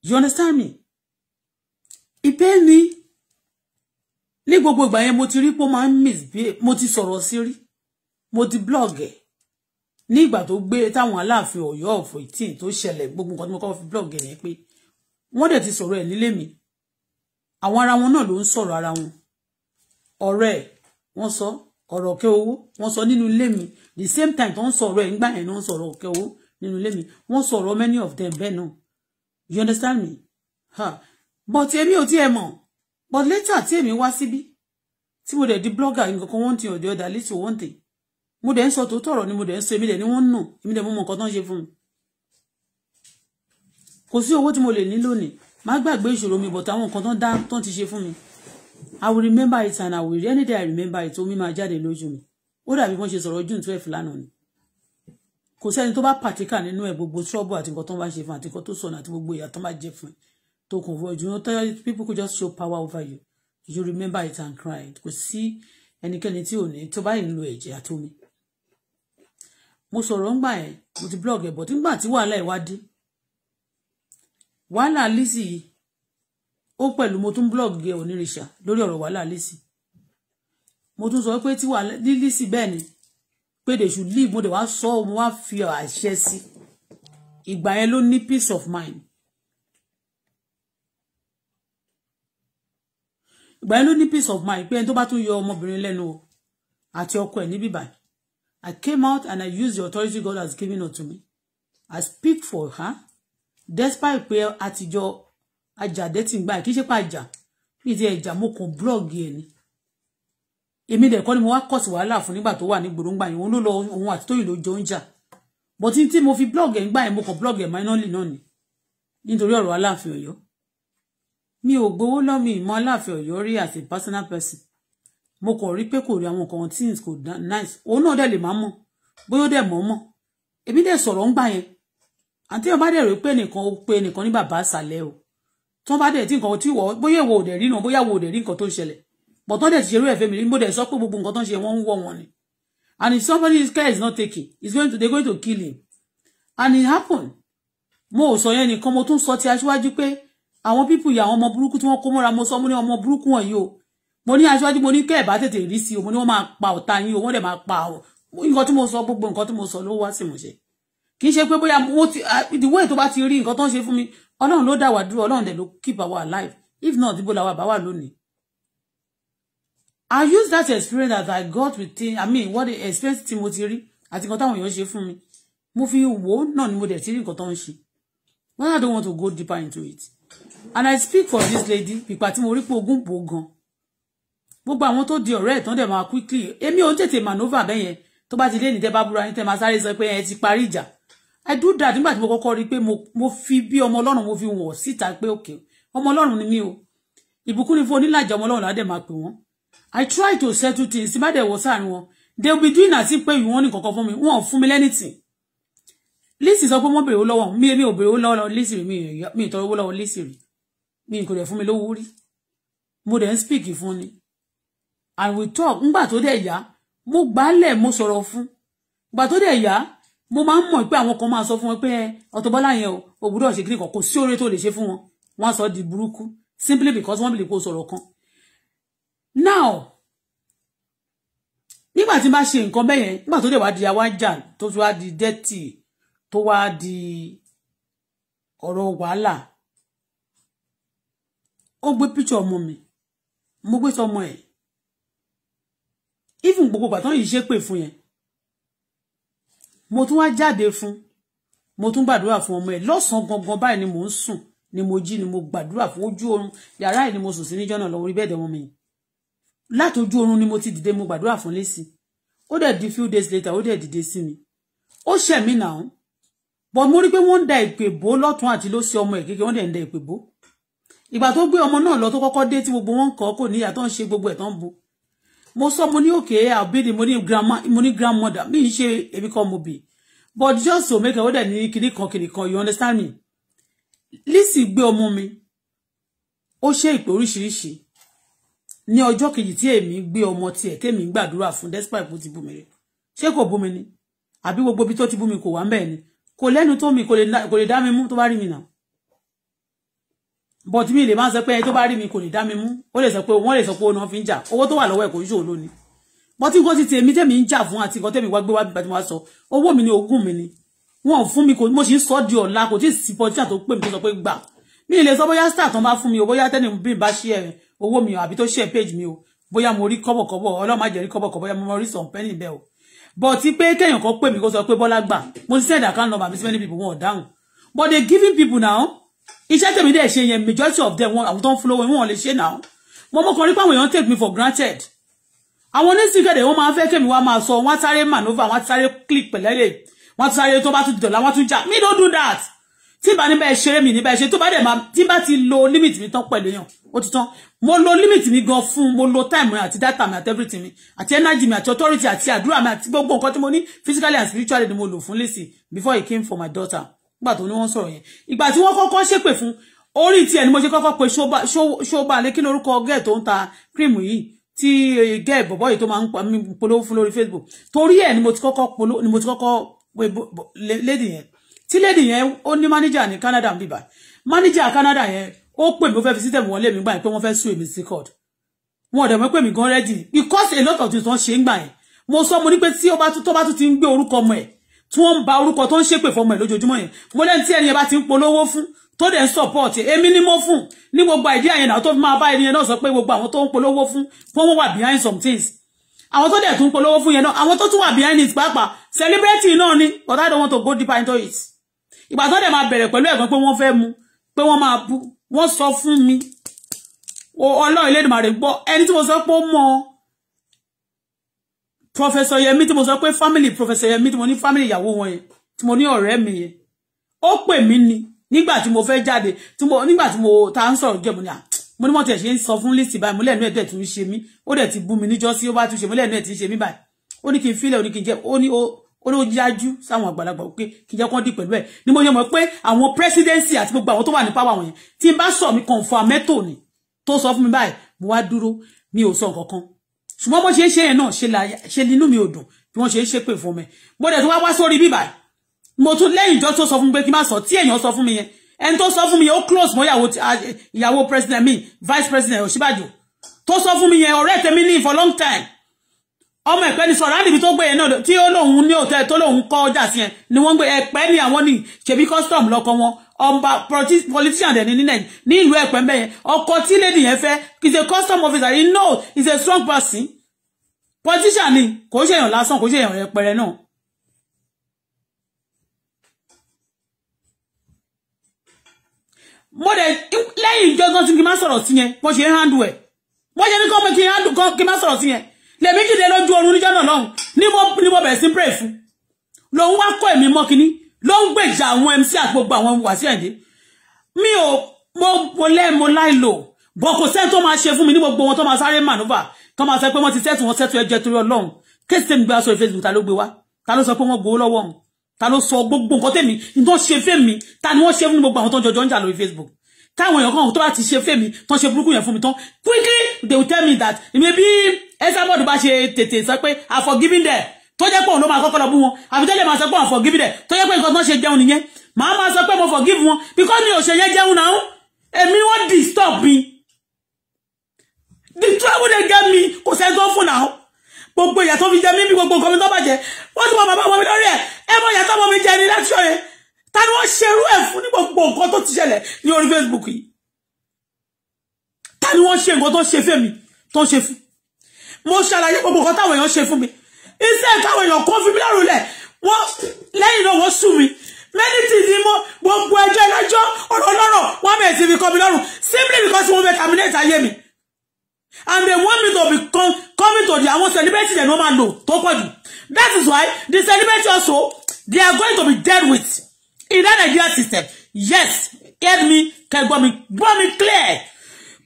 you understand me ìpè ní ní gbogbo ìgbà yẹn mo ti rí pé ó máa ń misbehave mo ti sọ̀rọ̀ sí rí mo ti blog ẹ̀ ní ìgbà tó gbé táwọn aláàfin Ọ̀yọ́ ọ̀fọ̀ ìtìn tó ṣẹlẹ̀ gbogbo nǹkan tí mo kọ́ fi blog ẹ̀ yẹn pé wọ́n dẹ̀ ti sọ̀rọ̀ ẹ̀ nílé mi àwọn ara wọn náà ló ń sọ̀rọ̀ ara wọn ọ̀rẹ́ ẹ̀ wọ́n sọ ọ̀rọ̀ Òkè Owó wọ́n sọ nínú ilé mi the same time tó ń sọ̀rọ̀ ẹ̀ ńgbà yẹn náà ń sọ̀rọ̀ Òkè Owó nínú ilé mi wọ́n sọ̀rọ̀ many of them bẹ́ẹ̀ náà you understand me ha but èmi ò tiẹ̀ mọ̀ but later tí èmi wá síbí tí mo dẹ̀ di blogger nǹkan kan one thing or the other little one thing mo dẹ̀ ń sọ tòótọ́ ọ̀rọ̀ ni mo dẹ̀ ń sọ èmi dẹ̀ ni wọ́n ń nà èmi dẹ̀ mo mọ nǹkan tó ń ṣe fún mi kò sí but àwọn nǹkan tó ń dá tó ń ti ṣe I will remember it and I will any day I remember it omi máa jáde lójú mi ó dàbí wọ́n ṣe sọ̀rọ̀ June twelve lánàá ni kò sẹ́ni tó bá pàtíkà nínú ẹ̀ gbogbo trouble àti nǹkan tó ń bá ṣe fún àti nǹkan tó sọnù àti gbogbo ìyà tó ń bá jẹ fún ẹ tó kàn fún ọjọ́ tó people could just show power over you you remember it and cry kò sí ẹnikẹ́ni tí ò ní tó bá yìí ń lo ẹ̀jẹ̀ àti omi mo sọ̀rọ̀ ńgbà ẹ̀ mo ti blog ẹ̀ bọ̀ tí ńgbà tí wàhálà ẹ̀ wá dé wàhálà Lizzy ó pẹ̀lú mo tún blog gẹ onírìṣà lórí ọ̀rọ̀ wàhálà lẹ́sìn mo tún sọ pé tí wàhálà lílísì bẹ́ẹ̀ ni pé they should leave mo dẹ̀ wá sọ ọ́ mo wá fi àṣẹ sí ìgbà yẹn ló ní peace of mind ìgbà yẹn ló ní peace of mind pé ẹni tó bá tún yọ ọmọbìnrin lẹ́nu o àti ọkọ ẹ̀ níbí báyìí I came out and I used the authority God has given unto me I speak for her despite pé àtijọ́ àjàdé tí ń gbà kì í ṣe pa àjà bíi ti ẹ̀jà mo kàn búlọ̀gì ẹ̀ ni èmi dẹ̀ kọ́ ni mo wá kọ̀ sí wàhálà fún nígbà tó wà ní gbòróngbà yẹn òun ló lọ òun àti tóyìn ló jọ ń jà bọ́tí tí mo fi blog ẹ̀ ń gbà yẹn mo kàn blog ẹ̀ máínọ́lì náà ni nítorí ọ̀rọ̀ aláàfin ọ̀yọ́ mi ò gbowó lọ́mì ìmọ̀ aláàfin ọ̀yọ́ rí as a personal person mo kàn rí pé kò rí àwọn kan things kò nice òun náà dẹ̀ lè máa mọ̀ bóyá ó dẹ̀ mọ̀ mọ̀ èmi dẹ̀ sọ̀rọ̀ ń gbà yẹn àti ọba dẹ̀ rí pé nìkan pé nìkan ní bàbá àṣàlẹ̀ o tó bá dẹ̀ tí nǹkan tí wọ́ bóyá èwo ò dẹ̀ rí nù bóyá èwo ò dẹ̀ rí nǹkan tó ṣẹlẹ̀ but tó dẹ̀ ti ṣerú ẹ̀fẹ́ mi rí mo sọ pé gbogbo nǹkan tó ń ṣe wọ́n ń wọ̀ wọ́n ni and if somebody's care is not taken he's going to they're going to kill him and it happen mo ò sọ yẹn nìkan mo tún sọ ti aṣíwájú pé àwọn pípù yà àwọn ọmọ burúkú tí wọ́n kó mọ́ra mo sọ mo ní ọmọ burúkú wọ̀nyí o mo ní aṣíwájú mo ní kẹ́ ẹ̀ bá tètè rí sí o mo ní wọ́n máa pa ọ̀tá yín ọlọ́run ló dá wa dúró ọlọ́run dẹ̀ ló keep our life. if not ibo làwa bá wà lónìí i use that experience that i got with thing i mean what the experience tí mo ti rí àti nǹkan táwọn èèyàn ṣe fún mi mo fi wò ó náà ni mo dẹ̀ ti rí nǹkan tó ń ṣe when i don't want to go deeper into it and i speak for this lady pípa tí mo rí pé ogún bò gan gbogbo àwọn tó di ọ̀rẹ́ ìtàn dẹ̀ máa quickly èmi ò ń tètè manova bẹ́yẹn tó bá ti dé ní tẹ́ bá búra ní tẹ́ máa sáré sọ pé ẹ ti parí ìjà I do that nígbà tí mo kọ́kọ́ rí i pé mo fi bí ọmọ ọlọ́run mo fi wọ̀ síta pé okay ọmọ ọlọ́run ni mí o ìbùkún ni fún onílàjà ọmọ ọlọ́run ládẹ̀ máa pè wọ́n I try to settle things má dẹ̀ wọ sáàrin wọn they will be doing as if pé ìwọ́n ní kankan fún mi wọn ò fún mi lẹ́nìtìn Lizzy sọ pé wọ́n bèrè owó lọ́wọ́ mi èmi ò bèrè owó lọ́wọ́ Lizzy rí mi ìtọ́rọ owó lọ́wọ́ Lizzy rí mi kò dẹ̀ fún mi lówó rí mo dẹ̀ ń speak fún ni and we talk ngbà tó dẹ̀ yá mo gbálẹ̀ mo sọ̀rọ̀ fún ngbà tó dẹ̀ yá mo máa ń mọ̀ pé àwọn kan máa sọ fún wọn pé Auto Bola yẹn o ò gbúdọ̀ ṣe kíríkan kò sí oore tó lè ṣe fún wọn wọ́n sọ di burúkú simply because wọ́n bìlì kó sọ̀rọ̀ kan now nígbà tí n bá ṣe nǹkan bẹ́ẹ̀ yẹn nígbà tó dé wá di awájà tó ti wá di dẹ́tì tó wá di ọ̀rọ̀ wàhálà ó gbé píṣọ ọmọ mi mo gbé sọmọ ẹ̀ even gbogbo pàtó yìí ṣépè fún yẹn mo tún wá jáde fún mo tún gbàdúrà fún ọmọ ẹ lọ́sàn gangan báyìí ni mò ń sùn ni mo jí ni mo gbàdúrà fún ojú oorun yàrá ẹ̀ ni mo sùn sí níjọ́ náà lọ́wọ́ orí bẹ́ẹ̀ dẹ́wọ́n mi láti ojú oorun ni mo ti dìde mo gbàdúrà fún lẹ́sìn ó dẹ̀ di few days later ó dẹ̀ dìde sí mi ó ṣẹ̀ mí nà án mo rí pé wọ́n ń da ìpè bò lọ́tún àti ló sí ọmọ ẹ̀ kékeré wọ́n dẹ̀ ń da ìpè bò ìgbà tó gbé ọmọ náà lọ tó kọ́kọ́ dé tí gbogbo wọn kọ́ kò níyà tó ń ṣe gbogbo ẹ̀ tó ń bu mo sọ mo ní òkè àbídì mo ní grandma mo ní grandmother mi ń ṣe èmi kan mo bì but just so make I order ní kinní kan kinní kan you understand me Lizzy gbé ọmọ mi ó ṣe ìpè oríṣiríṣi ní ọjọ́ kejì tí èmi gbé ọmọ tiẹ̀ tèmi gbàdúrà fún despite bó ti bú mi rẹ̀ ṣé kò bú mi ni àbí gbogbo ibi tó ti bú mi kò wá ń bẹ́ẹ̀ ni kò lẹ́nu tó mi kò lè dá mi mú tó bá rí mi náà but mi lè máa sọ pé ẹni tó bá rí mi kò lè dá mi mú ó lè sọ pé wọ́n lè sọ pé òun náà fi ń jà owó tó wà lọ́wọ́ ẹ̀ kò ń ṣòwò lónìí bọ́tí nǹkan ti tèmi tèmi ń jà fún àti nǹkan tèmi wá gbé wá bí bàtí wọ́n sọ owó mi ni ogún mi ni wọn ò fún mi kò mo sì ń sọ di ọ̀la kò tí ì sí pọtíà tó pè mí tó sọ mi lè sọ bóyá star tán bá fún mi o bóyá tẹ́ni bí bá ṣe ẹ̀ mi o àbí tó ṣe page mi o bóyá mo rí kọ́bọ̀kọ́bọ̀ ọlọ́run má jẹ́ rí kọ́bọ̀kọ́bọ̀ mo rí sọ̀n pẹ́ẹ́nì bẹ́ẹ̀ o but ti pé kéèyàn kan pè mí kó sọ pé bọ́lá gbà mo ti send account number mi sí many people wọn ò but they giving people now iṣẹ́ tèmi dẹ̀ ṣe yẹn majority of them wọn àwọn tó ń fúnlọ́wọ́ wọn lè ṣe náà mo mọ̀ kàn rí pé àwọn èèyàn take me for granted àwọn onísìnkẹ̀dẹ̀ wọ́n máa fẹ́ kẹ́mi wá máa sọ wọ́n sáré manova wọ́n sáré click pẹ̀lẹ́lẹ̀ wọ́n sáré tó bá tún dọ̀là wọ́n tún jà me don't do that tí bá níbẹ̀ ṣeré mi níbẹ̀ ṣe tó bá dẹ̀ máa tí bá ti lo limit mi tán pẹ̀lú èèyàn ó ti tán mo lo limit mi gan fún mo lo time mi àti data mi àti everything mi àti energy mi àti authority àti àdúrà mi àti gbogbo nǹkan tí mo ní physically and spiritually ni mo lò fún Lizzy before he came for my daughter nígbà tó ní wọ́n sọ̀rọ̀ yẹn ìgbà tí wọ́n kọ́kọ́ ṣépè fún orí tiẹ̀ ni mo ṣe kọ́kọ́ pe ṣóbà lé kí lórúkọ gẹ́ẹ̀ tó ń ta cream yìí tí eh, gẹ́ẹ̀ bọ̀bọ̀ yìí tó máa ń polówó fún lórí Facebook torí ẹ̀ ni mo ti kọ́kọ́ polówó ni mo ti kọ́kọ́ We lady yẹn tí lady yẹn ó ní manager ní Canada ń bíbà manager Canada yẹn ó pè mí ó fẹ́ fi sítẹ̀mù wọlé mi gbà pé wọ́n fẹ́ sùn èmi sí court wọn ọ̀dẹ̀ mọ́ pé mi gan ready because a lot of things wọ́n ṣe ń gbà yẹn mo sọ mo ní pé tí ó bá tún tó bá tún ti ń gbé orúkọ ọmọ ẹ̀ tí wọ́n ń ba orúkọ tó ń ṣépè fọmọ ẹ̀ lójoojúmọ́ yẹn mo lẹ́ni tí ẹni yẹn bá ti ń polówó fún tó dẹ̀ ń support èmi ni mo fún ní gbogbo àìdí àyẹn náà tó fi máa bá ẹni yẹn náà sọ pé gbogbo àwọn tó ń polówó fún fún wọn wà behind some things àwọn tó dẹ̀ tún polówó fún yẹn náà àwọn tó tún wà behind it pàápàá celebrity náà ni but I don't want to go deeper into it ìgbà tó dẹ̀ máa bẹ̀rẹ̀ pẹ̀lú ẹ̀gbọ́n pé wọ́n fẹ́ mu pé wọ́n máa bu wọ́n sọ fún mi ọlọ́run ilé ìdìmọ̀ rẹ̀ gbọ́ ẹni tí mo sọ pé ó mọ Professor Yemi tí mo sọ pé family Professor Yemi tí mo ní family ìyàwó wọn yẹn tí mo ní ọ̀rẹ́ mi yẹn ó pè mí ni nígbà tí mo fẹ́ jáde tí mo nígbà tí mo ta ń sọ̀rọ̀ jẹ́ mo ní à ah, mo ní wọ́n tiẹ̀ ṣe ń sọ fún list báyìí mo lẹ́nu ẹ̀ dẹ̀ tún ṣe mí ó dẹ̀ ti bú mi níjọ́ sí ó bá tún ṣe mo lẹ́nu ẹ̀ ti ṣe mí báyìí ó ní kí n fílẹ̀ ó ní kí n jẹ́ ó ní ó ló yájú sáwọn àgbàlagbà pé kí n jẹ́ kán ni mo yẹ mọ̀ pé àwọn presidency àti gbogbo àwọn tó wà ní power wọn yẹn tí n bá sọ mi kàn fún ni tó sọ fún mi báyìí mo wá dúró mi ò sọ nǹkan kan ṣùgbọ́n bó ṣe ń ṣe yẹn náà ṣe nínú mi ò dùn bí wọ́n ṣe ń ṣe pè fún mi mo dẹ̀ tún wá wá sórí bíbà mo tún lẹ́yìn ìjọ tó sọ fún mi pé kí n má sọ tí èèyàn sọ fún mi yẹn ẹni tó sọ fún mi yẹn ó close mọ́ ìyàwó president mi vice president Ọ̀ṣínbàjò tó sọ fún mi yẹn ọ̀rẹ́ tèmi ní for long time ọmọ ẹ̀pẹ́ ni sọ̀rọ̀ àdìbí tó gbé yẹn náà tí ó lóun ní òtẹ́ tó lóun kọ́ ọjà sí yẹn ni wọ́n gbé ẹ̀pẹ́ ni àwọn ní ṣèbí custom lọ́kọ wọn ọba politician dẹ̀ ní ní ìlú ẹ̀pẹ́ ń bẹ̀ yẹn ọkọ tí lady yẹn fẹ́ is a custom officer he know is a strong person politician ni kò ṣe èèyàn lásán kò ṣe èèyàn yẹpẹrẹ náà. mo dẹ̀ lẹ́yìn ìjọgbọ́n tí kì í má sọ̀rọ̀ sí yẹn bó ṣe ń handle ẹ̀ mo ṣe ní kọ́ kí n handle kan kì í má sọ̀rọ̀ sí yẹn lèmi dìde lójú oorun níjọ́ náà lọ́hùn ni mo bẹ̀rẹ̀ sí pray fún lòun wá kọ́ èmi mọ́ kínní ló ń gbèjà àwọn MC àti gbogbo àwọn wàsí ẹ̀dẹ́ mi ò mo mo lẹ́ mo láì lò bọ́ kò sẹ́ni tó máa ṣe fún mi ní gbogbo wọn tó máa sáré mànúfà tó máa sọ pé wọ́n ti sẹ́tù wọn sẹ́tù ẹjẹ torí ọlọ́run kéèsì tèmi gbé aṣọ Facebook ta ló gbé wá ta ló sọ pé wọ́n gbowó lọ́wọ́ òun ta ló sọ gbogbo nǹkan tèmi nǹkan ṣe fèmí ta ni wọ́n ṣe fún gbogbo àwọn tó ń jọjọ ń jà lórí Facebook táwọn èèyàn kan tó bá ti ṣe fèmí tó ń ṣe burúkú yẹn fún mi tán quickly they will tell me that maybe ẹsẹ̀ bọ́ọ̀dù bá ṣe tètè sọ pé I forgive them tó jẹ́ pé òun ló máa kọ́kọ́ lọ bú wọn àfi tó lè máa sọ pé òun forgive dẹ̀ tó jẹ́ pé nǹkan tó ń ṣe jẹun nìyẹn màá máa sọ pé mo forgive wọn because mi ò ṣe yẹn jẹun náà èmi wọ́n disturb mi the trouble dey get me kò sẹ́ tó fún náà gbogbo ìyà tó fi jẹ mí bí gbogbo nǹkan mi tó bàjẹ́ wọ́n ti mọ bàbá ọmọ mi lórí ẹ̀ ẹ mọ ìyà tó ọmọ mi jẹ ní láti ṣọ́ọ̀rẹ́ ta ni wọ́n ṣerú ẹ̀ fún ní gbogbo nǹkan tó ti ṣẹlẹ̀ ní orí Facebook yìí ta ni wọ́n ṣe nǹkan tó ṣe fẹ́mi tó ṣe fún mo ṣàlàyé gbogbo nǹkan táwọn èèyàn ṣe fún mi iṣẹ́ ìtàwọn èèyàn kó fi mí lọ́rùn lẹ̀ wọ́n lẹ́yìn náà wọ́n sùn mí mẹ́rìtì ni mo gbogbo ẹjọ́ ẹlẹ́jọ́ ọ̀rọ̀ ọlọ́rọ̀ wọ́n bẹ̀rẹ̀ sí fi kọ́ mi lọ́rùn simply because wọ́n fẹ́ terminate ayé mi and they want me to be coming to the àwọn celebrity dem no ma lo tó pọ̀ jù that is why the celebrity also they are going to be dealt with in that Nigeria system yes hear me kẹgbọ́n mi gbọ́ mi clear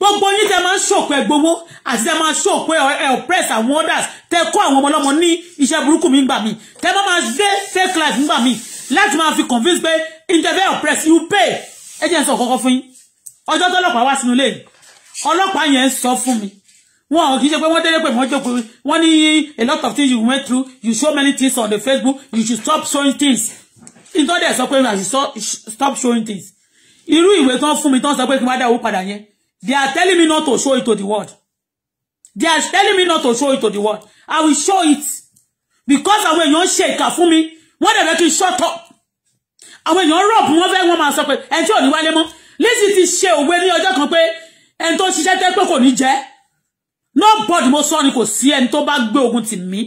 gbogbo yín tẹ máa ń ṣòkò ẹ gbowó àti tẹ máa ń ṣòkò ẹ oppress àwọn others tẹ kọ́ àwọn ọmọ ọlọ́mọ ní iṣẹ́ burúkú mi gbà mí tẹ bá máa gbé fake life nígbà mí láti máa fi convince pé intervene oppress you pay ẹ jẹ́ ń sọ kọ́kọ́ fún yín ọjọ́ tọ́lọ́pàá wá sínú ilé ọlọ́pàá yẹn ń sọ fún mi wọn kì í ṣe pé wọ́n délé pé wọ́n jókòó wọ́n ní a lot of things you went through you show many things on the Facebook you should stop showing things nítorí ẹ̀ sọ pé I should stop showing things irú ìwé tán fún mi tán sọ pé kí n dá owó padà yẹn They are telling me not to show it to the world. They are telling me not to show it to the world. I will show it. Because àwọn èèyàn ṣe ìkà fún mi, wọ́n dẹ̀ fẹ́ kí n shut up. Àwọn èèyàn rọ̀bù wọ́n fẹ́ wọ́n máa sọ pé ẹni tí ò ní wálé mọ́. Lizzy ti ṣe òwe ní ọjọ́ kan pé ẹni tó ṣiṣẹ́ tẹ́ pé kò ní jẹ́. Nobody mo sọ ni kò sí ẹni tó bá gbé ogun tì mí.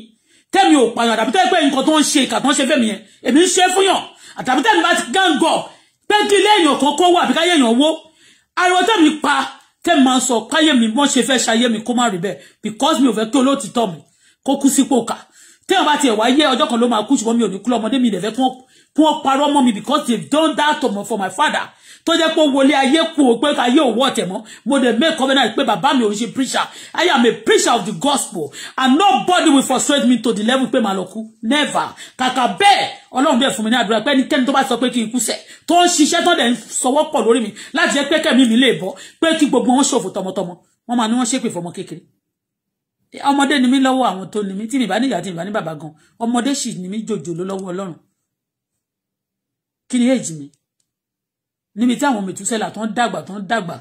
Tẹ́mi ò pààyàn àdàbí tẹ́ pé nǹkan tó ń ṣe ìkà tó ń ṣe fẹ́mi yẹn. Èmi ń ṣe fún yàn. Àdàbí tẹ́mi bá ti gángọ̀ pé kí ilé èèyàn kan kó wà àbíkáyé èèyàn wó. Ariwo tẹ́mi pa tẹ́ máa sọ káyé mi wọ́n ṣe fẹ́ ṣayé mi kó má rí bẹ́ẹ̀ because mi ò fẹ́ kí olóòtítọ́ mi kó kú sípò kà téèyàn bá tiẹ̀ wáyé ọjọ́ kan ló máa kú ṣùgbọ́n mi ò ní kú lọ́mọdé mi ìdẹ̀fẹ́ kí wọ́n parọ́ mọ́ mi because they don that to me for my father tó jẹ́ pé wọlé ayé kú o pé ayé ò wọ́ mo dẹ̀ make covenant pé bàbá mi ò preacher I am a preacher of the gospel and nobody will persuade me to the level pé màá never kàkà bẹ́ẹ̀ ọlọ́run bẹ́ẹ̀ fún mi ní àdúrà pé ẹnikẹ́ni tó bá sọ pé kí n kú sẹ̀ tó ń ṣiṣẹ́ tó dẹ̀ ń sọwọ́ mi láti jẹ́ pé kẹ́mi mi lè bọ́ pé kí gbogbo wọn ṣòfò tọmọtọmọ wọn máa ní wọn ṣépè fọmọ kékeré ọmọdé ni mí lọ́wọ́ àwọn tó ni mí tí mi bá níyà tí mi bá ní bàbá gan ọmọdé sì ni mí jòjòló lọ́wọ́ ọlọ́run kí ni èjì mi níbi tí àwọn mìtúsẹ́là tó ń dàgbà tó ń dàgbà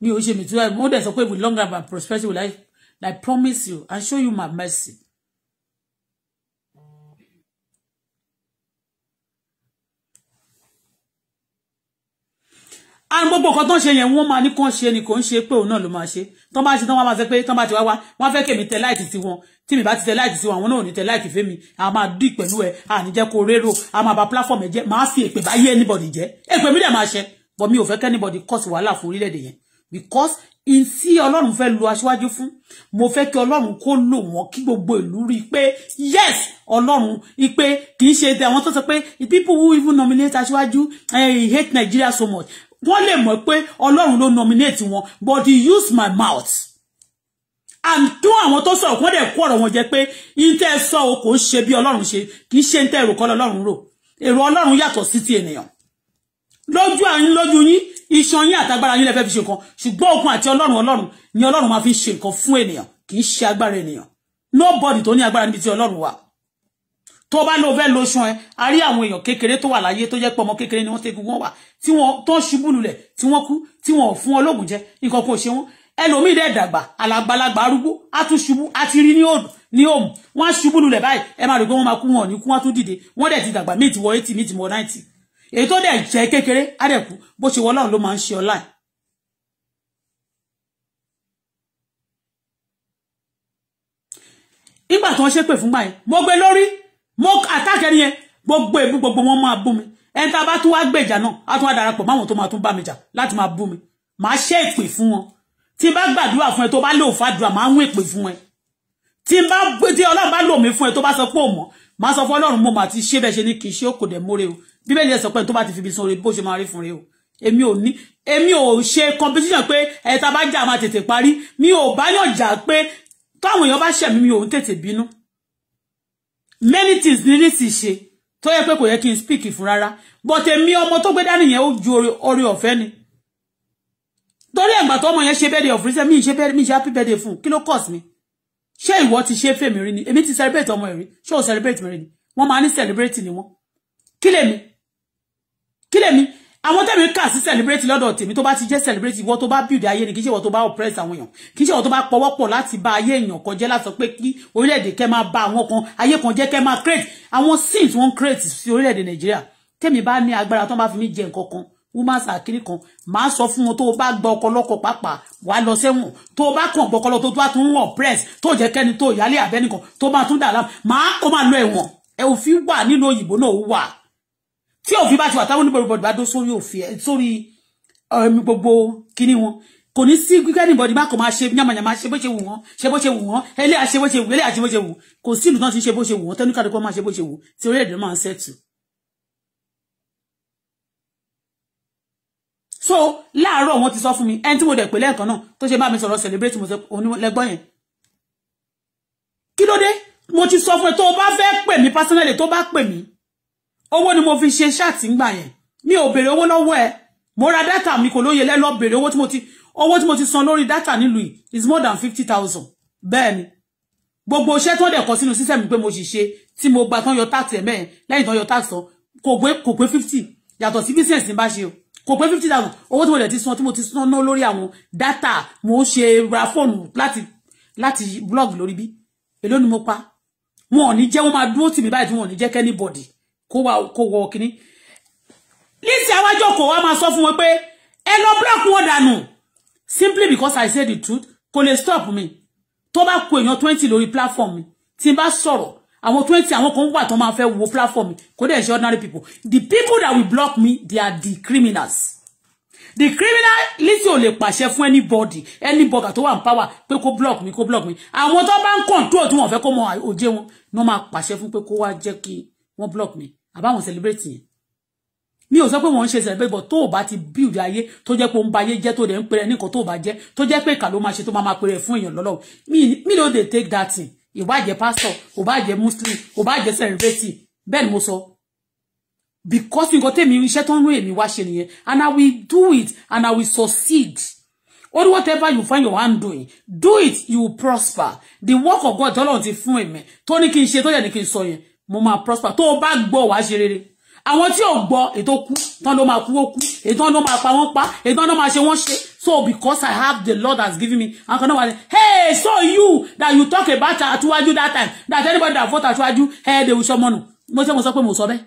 mi ò ṣe mìtúsẹ́là mo dẹ̀ sọ pé with long and prosperity will I, I promise you and show you my mercy and gbogbo nǹkan tó ń ṣe yẹn wọ́n máa ní kàn ṣe ni kò ń ṣe pé òun náà ló máa ṣe tó bá ṣe tán wọ́n máa sọ pé tán bá ti wá wá wọ́n fẹ́ kèmí tẹ láìkì sí wọn tí mi bá ti tẹ láìkì sí wọn àwọn náà ò ní tẹ láìkì fẹ́ mi a máa dì pẹ̀lú ẹ a ní jẹ́ kó rérò a máa ba platform ẹ jẹ́ máa fi èpè báyé anybody jẹ́ èpè mi dẹ̀ máa ṣẹ but mi ò fẹ́ kẹ́nibọ̀dì cause wàhálà fún orílẹ̀-èdè yẹn because in tí ọlọ́run fẹ́ lu aṣíwájú fún mo fẹ́ kí ọlọ́run kó lò wọ́n kí gbogbo ìlú rí i pé yes ọlọ́run i pé kì í ṣe àwọn tó sọ pé people who even nominate aṣíwájú eh, hate Nigeria so much wọ́n lè mọ̀ pé Ọlọ́run ló nominate wọn but he used my mouth and tó àwọn tó sọ̀rọ̀ kó dẹ̀ kó ọ̀rọ̀ wọn jẹ pé intẹ́ sọ o kò ṣe bí Ọlọ́run ṣe kì í ṣe intẹ́ èrò kọ́ lọ́lọ́run rò èrò Ọlọ́run yàtọ̀ sí ti ènìyàn lójú àyín lójú yín iṣan yín àtagbára yín lè fẹ́ fi ṣe nǹkan ṣùgbọ́n okun àti Ọlọ́run Ọlọ́run ni Ọlọ́run máa fi ṣe nǹkan fún ènìyàn kì í ṣe agbára ènìyàn nobody tó ní agbára níbi tí Ọlọ́run wà tó bá lọ fẹ́ lóṣùn ẹ a rí àwọn èèyàn kékeré tó wà láyé tó jẹ́ pé ọmọ kékeré ni wọ́n tẹ́gun wọn wà tí wọ́n tó ṣubú lulẹ̀ tí wọ́n kú tí wọ́n fún ọlọ́gùn jẹ nǹkan kò ṣe wọn ẹlòmíì dẹ̀ dàgbà alàgbàlagbà arúgbó á tún ṣubú á ti rí ní òòdù ní òòmù wọ́n á ṣubú lulẹ̀ báyìí ẹ máa rò pé wọ́n máa kú wọn ní kú wọ́n tún dìde wọ́n dẹ̀ ti dàgbà míì ti wọ eighty míì ti wọ ninety èyí tó dẹ̀ jẹ́ kékeré á dẹ̀ kú bó ṣe wọlọ́run ló máa ń ṣe ọláì nígbà tó ń ṣépè fún báyìí mo gbé lórí mo àtàkẹ́ nìyẹn gbogbo èmi gbogbo wọn máa bú mi ẹni tá a bá tún wá gbèjà náà á tún wá darapọ̀ máwọn tó máa tún bá mi jà láti máa bú mi màá ṣe ìpè fún wọn tí n bá gbàdúrà fún ẹ tó bá lò fàdúrà màá ń ìpè fún ẹ tí n bá tí ọlọ́run bá lò mí fún ẹ tó bá sọ pé ò mọ̀ sọ fún ọlọ́run mo mà ti ṣe bẹ́ẹ̀ ṣe ní kì í ṣe òkò dẹ̀ mórè o bíbélì ẹ sọ pé tó bá ti fi ibi sun rẹ bó ṣe máa rí fún rẹ o èmi ò ní èmi ò ṣe competition pé ẹ tá a bá jà máa tètè parí mi ò bá yàn jà pé táwọn èèyàn bá ṣẹ̀mí mi ò ń tètè bínú many things ní ní sì ṣe tó yẹ pé kò yẹ kí speak fún rárá but èmi ọmọ tó gbé dání yẹn ó ju oore ọ̀fẹ́ ni torí ẹ̀gbà tó ọmọ yẹn ṣe birthday of reason mi ṣe bẹ́ẹ̀ mi ṣe happy birthday fún kí ló cause mi ṣé ìwọ ti ṣe fèmí rí ni èmi ti celebrate ọmọ ẹ̀ rí o celebrate mi rí ni wọ́n máa ní celebrate ni wọ́n kí lèmi kí lèmi àwọn tẹ̀mí kà sí celebrate lọ́dọ̀ tèmi tó bá ti jẹ́ celebrate ìwọ tó bá build ayé ni kì í ṣe ìwọ tó bá oppress àwọn èèyàn kì í ṣe ìwọ tó bá pọwọ́pọ̀ láti bá ayé èèyàn kan jẹ́ láti sọ pé kí orílẹ̀-èdè kẹ́ máa bá àwọn kan ayé kan jẹ́ kẹ́ máa create àwọn sins wọ́n create sí orílẹ̀-èdè nàìjíríà tèmi bá ní agbára tó bá fi mí jẹ nǹkan kan woman's akiri kan máa sọ fún wọn tó bá gba ọkọlọkọ pàápàá wàá lọ sẹ́wọ̀n tó bá kàn gbọkọlọ tó bá tún oppress tó jẹ́ kẹ́ni tó ìyálé àbẹ́nìkan tó bá tún dà láàmú máa kó máa lọ ẹ̀wọ̀n ẹ̀ òfin wà nínú òyìnbó náà wà tí òfin bá ti wà táwọn oníbọ̀rọ̀ bọ̀dọ̀ bá dó sórí òfin sórí gbogbo kíní wọn kò ní sí kíkẹ́ níbọ̀dì má kò máa ṣe yàmàyàmà ṣe bó ṣe wù wọ́n ṣe bó ṣe wù wọ́n ẹlẹ́ àṣe bó ṣe wù ẹlẹ́ àṣe bó ṣe wù kò sí ìlú náà ti ṣe bó ṣe wù wọ́n tẹ́nu kàdúkọ́ máa ṣe bó ṣe wù tí orílẹ̀-èdè máa ń ṣẹ̀tù. so láàárọ̀ wọn ti sọ fún mi ẹni tí mo dẹ̀ pè lẹ́ẹ̀kan náà tó ṣe bá mi sọ̀rọ̀ celebrate mo sọ onílẹ́gbọ́n yẹn kí ló dé mo ti sọ fún ẹ tó o bá fẹ́ personally tó bá pè mí owó ni mo fi ṣe ṣáàtì ńgbà yẹn mi ò béèrè owó lọ́wọ́ ẹ mo ra dátà mi kò lóye lẹ́lọ́ béèrè owó tí mo ti owó tí mo ti san lórí dátà nílùú yìí is more than fifty thousand bẹ́ẹ̀ ni gbogbo iṣẹ́ tó dẹ̀ kọ sínú sísẹ́mi pé mo sì ṣe tí mo gba tán yọ táàtì ẹ̀mẹ́ yẹn lẹ́yìn tán yọ táàtì tán kò gbé kò gbé fifty yàtọ̀ sí business ní bá ṣe o kò pé fifty thousand owó tí mo dẹ̀ ti san tí mo ti san ná lórí àwọn dátà mo ń ṣe ra fóònù láti láti blog lórí bí èló ni mo pa wọn ò ní jẹ́ wọ́n máa dúró tì mí báyìí tí wọn ò ní jẹ́ kẹ́nìbọ̀dì kó wá kó wọ kínní nísìnyí àwájọ kò wá máa sọ fún wọn pé ẹ lọ block wọn dànù simply because I say the truth kò lè stop me. tó bá kù èèyàn twenty lórí platform mi tí n bá sọ̀rọ̀ àwọn twenty àwọn kan wà tó máa fẹ́ wo platform mi kò dẹ̀ ṣe ordinary people the people that will block me they are the criminals the criminal lisi ò lè pàṣẹ fún anybody anybody tó wà ní power pé kó block mi kó block mi àwọn tó bá ń control tí wọ́n fẹ́ kó mọ òjé wọn ni wọ́n máa pàṣẹ fún pé kó wá jẹ́ kí wọ́n block mi àbáwọn celebrate yẹn mi ò sọ pé wọ́n ń ṣe celebrate but tó o bá ti build ayé tó jẹ́ pé ó ń ba ayé jẹ́ tó dẹ̀ ń pèrè nìkan tó o bá jẹ́ tó jẹ́ pé ìkà ló máa ṣe tó máa máa pèrè fún èèyàn lọ́lọ́wọ́ mi ló dey take that thing ìbàjẹ́ pastor ìbàjẹ́ muslim ìbàjẹ́ celebrate bẹ́ẹ̀ ni mo sọ because nǹkan tèmi iṣẹ́ tó ń rún èmi wá ṣe nìyẹn and I will do it and I will succeed only whatever you find your hand doing do it you will prosper the work of God tọ́lọ́run ti fún èmi tó ní kí n ṣe tó yẹ ní kí n sọ yẹn mo máa prosper tó o bá gbọ́ wàá ṣe rere àwọn tí ò gbọ́ ètò kú tán ló máa kú ó kú ètò ló máa pa wọ́n pa ètò ló máa ṣe wọ́n ṣe so because I have the Lord has given me and kan náà wà hey so you that you talk about Atiwaju that time that anybody that vote Atiwaju hey eh, they will ṣọmọnù mo ṣe mo sọ pé mo sọ bẹ́ẹ̀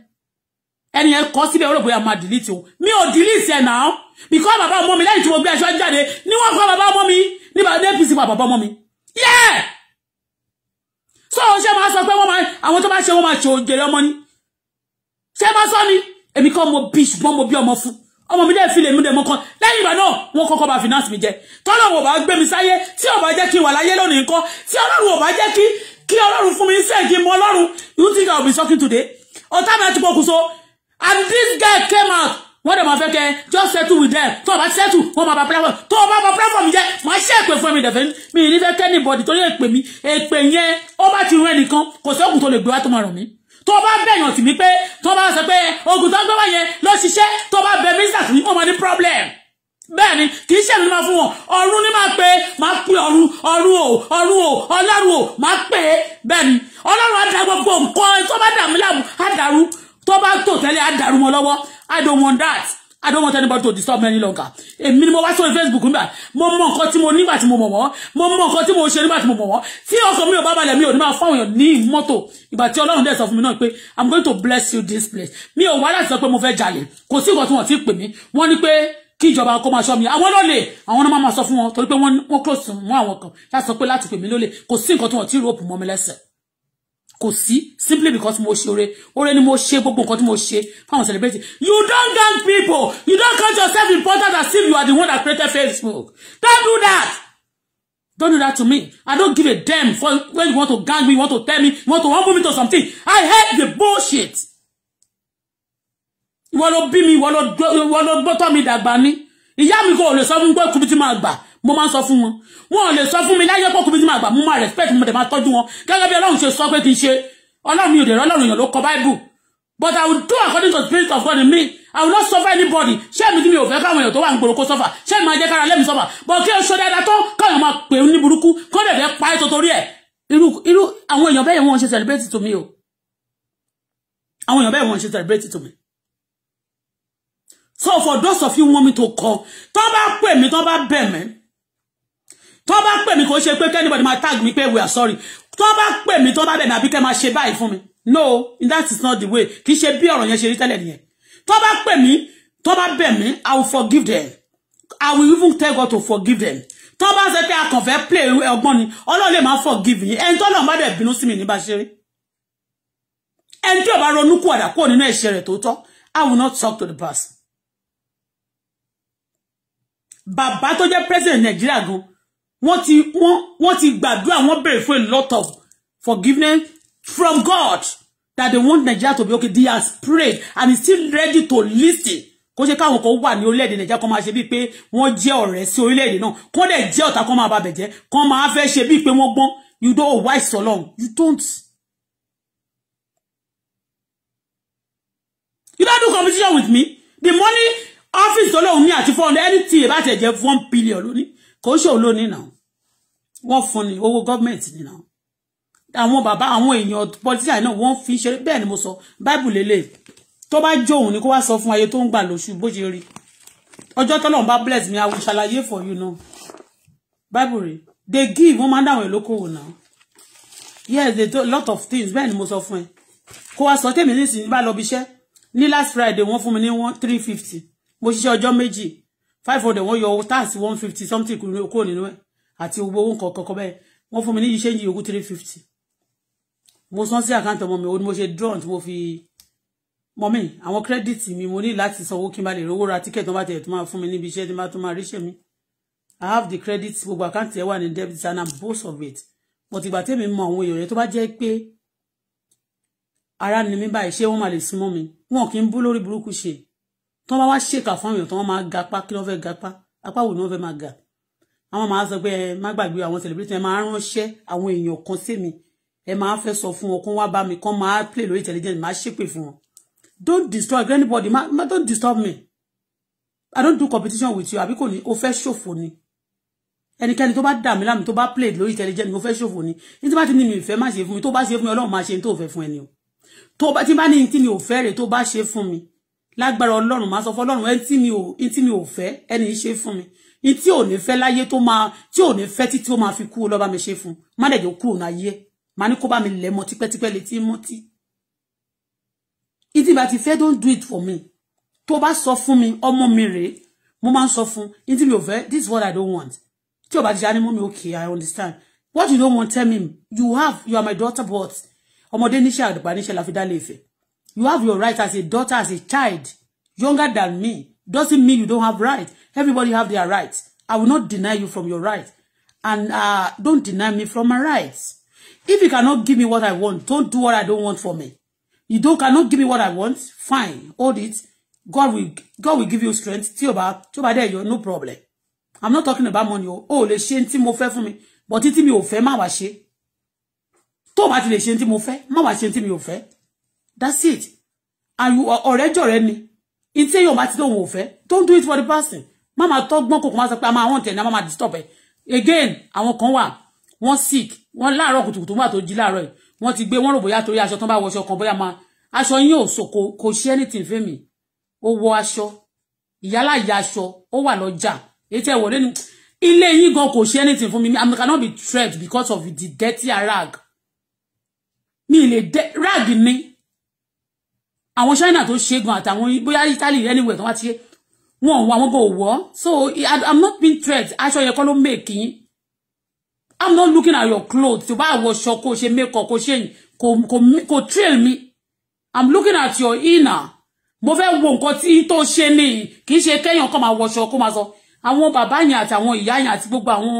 ẹni yẹn kọ síbẹ̀ olóògbé a máa delete o mi ò delete ẹ̀ náà because bàbá ọmọ mi lẹ́yìn tí mo gbé aṣọ jáde ni wọ́n kọ́ bàbá ọmọ mi ní APC bàbá ọmọ mi yeah so ṣé máa sọ pé wọ́n máa àwọn to bá ṣe wọ́n máa ṣe òjèrè ọmọ ni ṣé máa sọ ni èmi kọ́ mo bí ṣùgbọ́n mo bí ọmọ fún ọmọ mi dẹ̀ fi lè mú dẹ̀ mọ́ kan lẹ́yìn ìgbà náà wọ́n kọ́kọ́ bá finance mi jẹ tọ́lọ́ wọn ò bá gbé mi sáyé tí ò bá jẹ́ kí n wà láyé lónìí nǹkan tí ọlọ́run ò bá jẹ́ kí kí ọlọ́run mi ń sẹ́yìn kí n you think I will be talking today ọ̀tá mi àti So and this guy came out wọ́n dẹ̀ máa fẹ́ kẹ́ just settle with them tó o bá settle wọ́n máa ba platform tó o bá ba platform jẹ́ máa ṣe èpè fún mi dẹ̀fẹ́ mi ní fẹ́ kẹ́ anybody torí èpè mi èpè yẹn ó bá ti rún ẹnìkan kò sí ògùn tó lè gbé wá tó máa ràn mí tó o bá bẹ̀yàn tì mí pé tó o bá sọ pé ògùn tó ń gbé wá yẹn ló ṣiṣẹ́ tó o bá bẹ mínísítà sí mi máa ní problem bẹ́ẹ̀ ni kì í ṣèlú ni máa fún wọn ọ̀run ni máa pe máa pe ọ̀run ọ̀run o ọ̀run o ọlọ́run o máa pe bẹ́ẹ̀ ni ọlọ́run á dá gbogbo nǹkan tó bá dàmí láàmú á dàrú tó bá tò tẹ́lẹ̀ á dàrú wọn lọ́wọ́ I don't want that I don't want anybody to disturb me any longer. Èmi ni mo wá sórí Facebook nígbà mo mọ nǹkan tí mo nígbà tí mo mọ̀ wọ́n mo mọ nǹkan tí mo ṣe nígbà tí mo mọ̀ wọ́n tí ọkàn mi ò bá balẹ̀ mi ò ní máa fún àwọn ní mọ́tò ìgbà tí Ọlọ́run dẹ̀ sọ fún mi náà pé I'm going to bless you this place. Mi ò wá láti sọ pé mo fẹ́ jalè kò sí nǹkan tí wọ́n ti pè mí wọ́n ní pé kí ìjọba kó máa ṣọ́ mi àwọn lólè àwọn náà máa sọ fún wọn torí pé wọ́n close mọ́ àwọn kan láti sọ pé láti pè mí lólè kò sí nǹkan tí wọ́n ti rò pù mọ́ mi lẹ́sẹ̀ kò sí simply because mo ṣe ore ore ni mo ṣe gbogbo nǹkan tí mo ṣe fáwọn celebrity you don gang people you don count yourself important as if you are the one that created Facebook don't do that don't do that to me I don't give a damn for when you want to gang me you want to tell me you want to humble me to something I hate the bullshit ìwọ ló bí mi ìwọ ló gbọ́tọ̀ mi dàgbà ni ìyá mi kò lè sọ fún pé kùbí tí máa gbà mo máa sọ fún wọn wọn ò lè sọ fún mi láyé pọ̀ kúbi tí màá mo máa respect mo dẹ̀ máa tọ́jú wọn gẹ́gẹ́ bí ọlọ́run ṣe sọ pé kì í ṣe ọlọ́run mi ò dẹ̀ ọlọ́run èèyàn ló kọ bible but i will do according to the spirit of God in me i will not suffer anybody ṣé èmi tí mi ò fẹ́ káwọn èèyàn tó wà ń gbòòrò kó suffer ṣé èmi máa jẹ́ kára lẹ́mi suffer but kí oṣù dáadáa tó káwọn máa pè ní burúkú kó dẹ̀ fẹ́ pa ètò torí ẹ̀ irú irú àwọn èèyàn bẹ́ẹ̀ wọ́n ṣe celebrate to me o àwọn èèyàn bẹ́ẹ̀ wọ́n ṣe celebrate to me so for those of you want me to call tó bá pè mí tó bá bẹ̀ mí tó bá pè mí kò ṣe pé kẹ́nìbọ̀dì máa tag mi pé we are sorry tó bá pè mí tó bá bẹ̀ mí àbí kẹ́ máa ṣe báyìí fún mi no that is not the way kì í ṣe bí ọ̀rọ̀ yẹn ṣe rí tẹ́lẹ̀ nìyẹn tó bá pè mí tó bá bẹ̀ mí i will forgive them i will even tell God to forgive them tó bá ṣe pé a kàn fẹ́ play ọgbọ́n ni ọlọ́run lè máa forgive yín ẹni tó náà má dẹ̀ bínú sí mi ní bá ṣe rí ẹni tí ò bá ronú kú ọ̀dà kúrò nínú ẹ̀ṣẹ̀ rẹ̀ tó i will not talk to the person bàbá tó jẹ́ president nàìjíríà gan-an wọ́n ti wọ́n wọ́n ti gbàdúrà wọ́n béèrè fún a lot of forgiveness from God that they want Nigeria to be okay they has prayed and is still ready to listen kó ṣe káwọn kan wà ní orílẹ̀-èdè Nàìjíríà kan máa ṣe bíi pé wọ́n jẹ́ ọ̀rẹ́ sí orílẹ̀-èdè náà kó dẹ̀ jẹ́ ọ̀tá kan máa babẹ̀ jẹ́ kan máa fẹ́ ṣe bíi pé wọ́n gbọ́n you don't wise so long you don't you don't do competition with me the money office tó lóun ní àti four hundred anything about ẹ̀ jẹ́ one billion lónìí kò ṣòun lónìí náà wọ́n fún ni owó gọ́ọ̀mẹ̀ntì nìyà àwọn bàbá àwọn èèyàn pọlitíà náà wọ́n fi ṣeré bẹ́ẹ̀ ni mo sọ báìbù lélẹ̀ tó bá jóun ni kó wá sọ fún ayé tó ń gbà lóṣù bó ṣe rí ọjọ́ tọ́lọ́run bá bless mi àwọn ṣàlàyé for you now báìbù rè they give wọ́n máa ń dáwọn ìlókòwò náà yes they do a lot of things bẹ́ẹ̀ ni mo sọ fún ẹ kó wá sọ tèmi nísìnyí bá lọ bí iṣẹ́ ní last friday wọ́n fún mi ní one three fifty mo ṣiṣẹ́ ọjọ́ méjì five hundred wọ́n yọ tax one fifty something kúrò nínú ẹ̀ àti owó owó nǹkan kọ̀ọ̀kan bẹ́ẹ̀ wọ́n fún mi ní change yòókù three fifty mo san sí àkáǹtì ọmọ mi ó ní mo ṣe draw tí mo fi mọ mi àwọn credit mi mo ní láti sanwó kí n bá lè rówó ra ticket tó bá tẹ̀ tó máa fún mi níbi iṣẹ́ tó máa tó máa ríṣẹ́ mi i have the credit gbogbo àkáǹtì ẹ̀ wà ní debit and i'm both of it but ìgbà tèmi mọ àwọn èèyàn yẹn tó bá jẹ́ pé ara ni mi báyìí ṣé wọ́n máa lè súnmọ́ mi wọn kì í bú lórí burúkú tó bá wá ṣèkà fún àwọn èèyàn tó wọ́n máa gapá kí wọ́n fẹ́ gapá apá wo ni wọ́n fẹ́ máa gà àwọn máa sọ pé ẹ má gbàgbé àwọn celebrity ẹ máa ránṣẹ́ àwọn èèyàn kan sí mi ẹ máa fẹ́ sọ fún wọn kó wá bá mi kán máa play lórí intelligence máa ṣépè fún wọn don't disturb anybody ma, ma don't disturb me i don't do competition with you àbí kò ní o fẹ́ ṣòfò ni ẹnikẹ́ni tó bá dà mí láàmú tó bá play lórí intelligence mo fẹ́ ṣòfò ni ní tí bá ti ní mi ìfẹ́ má ṣe fún mi tó bá ṣe fún mi ọlọ́run máa ṣe ní tó fẹ́ fún ẹni o tó bá ti bá ní tí mi ò fẹ́ rè tó bá ṣe fún mi lágbára ọlọ́run máa sọ fún ọlọ́run ẹni tí mi ò ẹni tí mi ò fẹ́ ẹni ṣe fún mi ní tí ò ní fẹ́ láyé tó máa tí ò ní fẹ́ títí ó máa fi kú lọ́ba mi ṣe fún má dẹ̀ jẹ́ kúrò náà yé máa ní kó bá mi lẹ̀ mọ́ tipẹ́tipẹ́ létí mọ́tí ìdí bá ti fẹ́ don't do it for me tó bá sọ fún mi ọmọ mi rèé mo máa ń sọ fún ìdí mi ò fẹ́ this is what I don't want tí ò bá ti ṣe ánímọ́ ah, mi okay I understand what you don't want tell me you have you are my daughter but ọmọdé níṣẹ́ àgbà níṣẹ́ la fi dá lè e fẹ́ You have your right as a daughter, as a child, younger than me. Doesn't mean you don't have rights. Everybody have their rights. I will not deny you from your rights. And uh, don't deny me from my rights. If you cannot give me what I want, don't do what I don't want for me. You don't cannot give me what I want, fine, hold it. God will God will give you strength. Tí o bá tí There bá no problem. I'm not talking about money Oh, O lè ṣe tí mo fẹ́ fún mi, but tí mi fair fẹ́ má wá ṣe. Tó o bá ti lè ṣe tí mo fair má wá ṣe tí mi that's it and you are already jọ̀rẹ́ ni in tí èèyàn bá ti lóun ò don't do it for the person Mama máa tọ́gbọ́n kòkò máa sọ pé a máa hàn tẹ̀ ní disturb ẹ̀ again àwọn kan wà wọ́n sick wọ́n láàárọ̀ kùtùkùtù wà tó jí láàárọ̀ yìí wọ́n ti gbé wọ́n rò bóyá torí aṣọ tán bá wọṣọ kan bóyá máa aṣọ yín ò so kò kò ṣe anything fẹ́ mi ó wọ aṣọ ìyálà ìyá aṣọ ó wà lọ́jà èyí tẹ́ wo ni Ile yín gan kò ṣe anything fún mi i cannot be threat because of the dirty rag mi lè rag ni àwọn China tó ṣẹ́gun àtàwọn bóyá Italy anywhere tó wá ti ṣe wọn wọ àwọn bò wọ́ so I'm not being threat aṣọ yẹn kọ́ ló make yín I'm not looking at your clothes tó bá wọ aṣọ kó ṣe make up kó ṣe kó trail me I'm looking at your inner mo fẹ́ wo nǹkan tí tó ṣe ni kì í ṣe kéèyàn kàn máa wọṣọ kó máa sọ àwọn bàbá yẹn àti àwọn ìyá yẹn àti gbogbo àwọn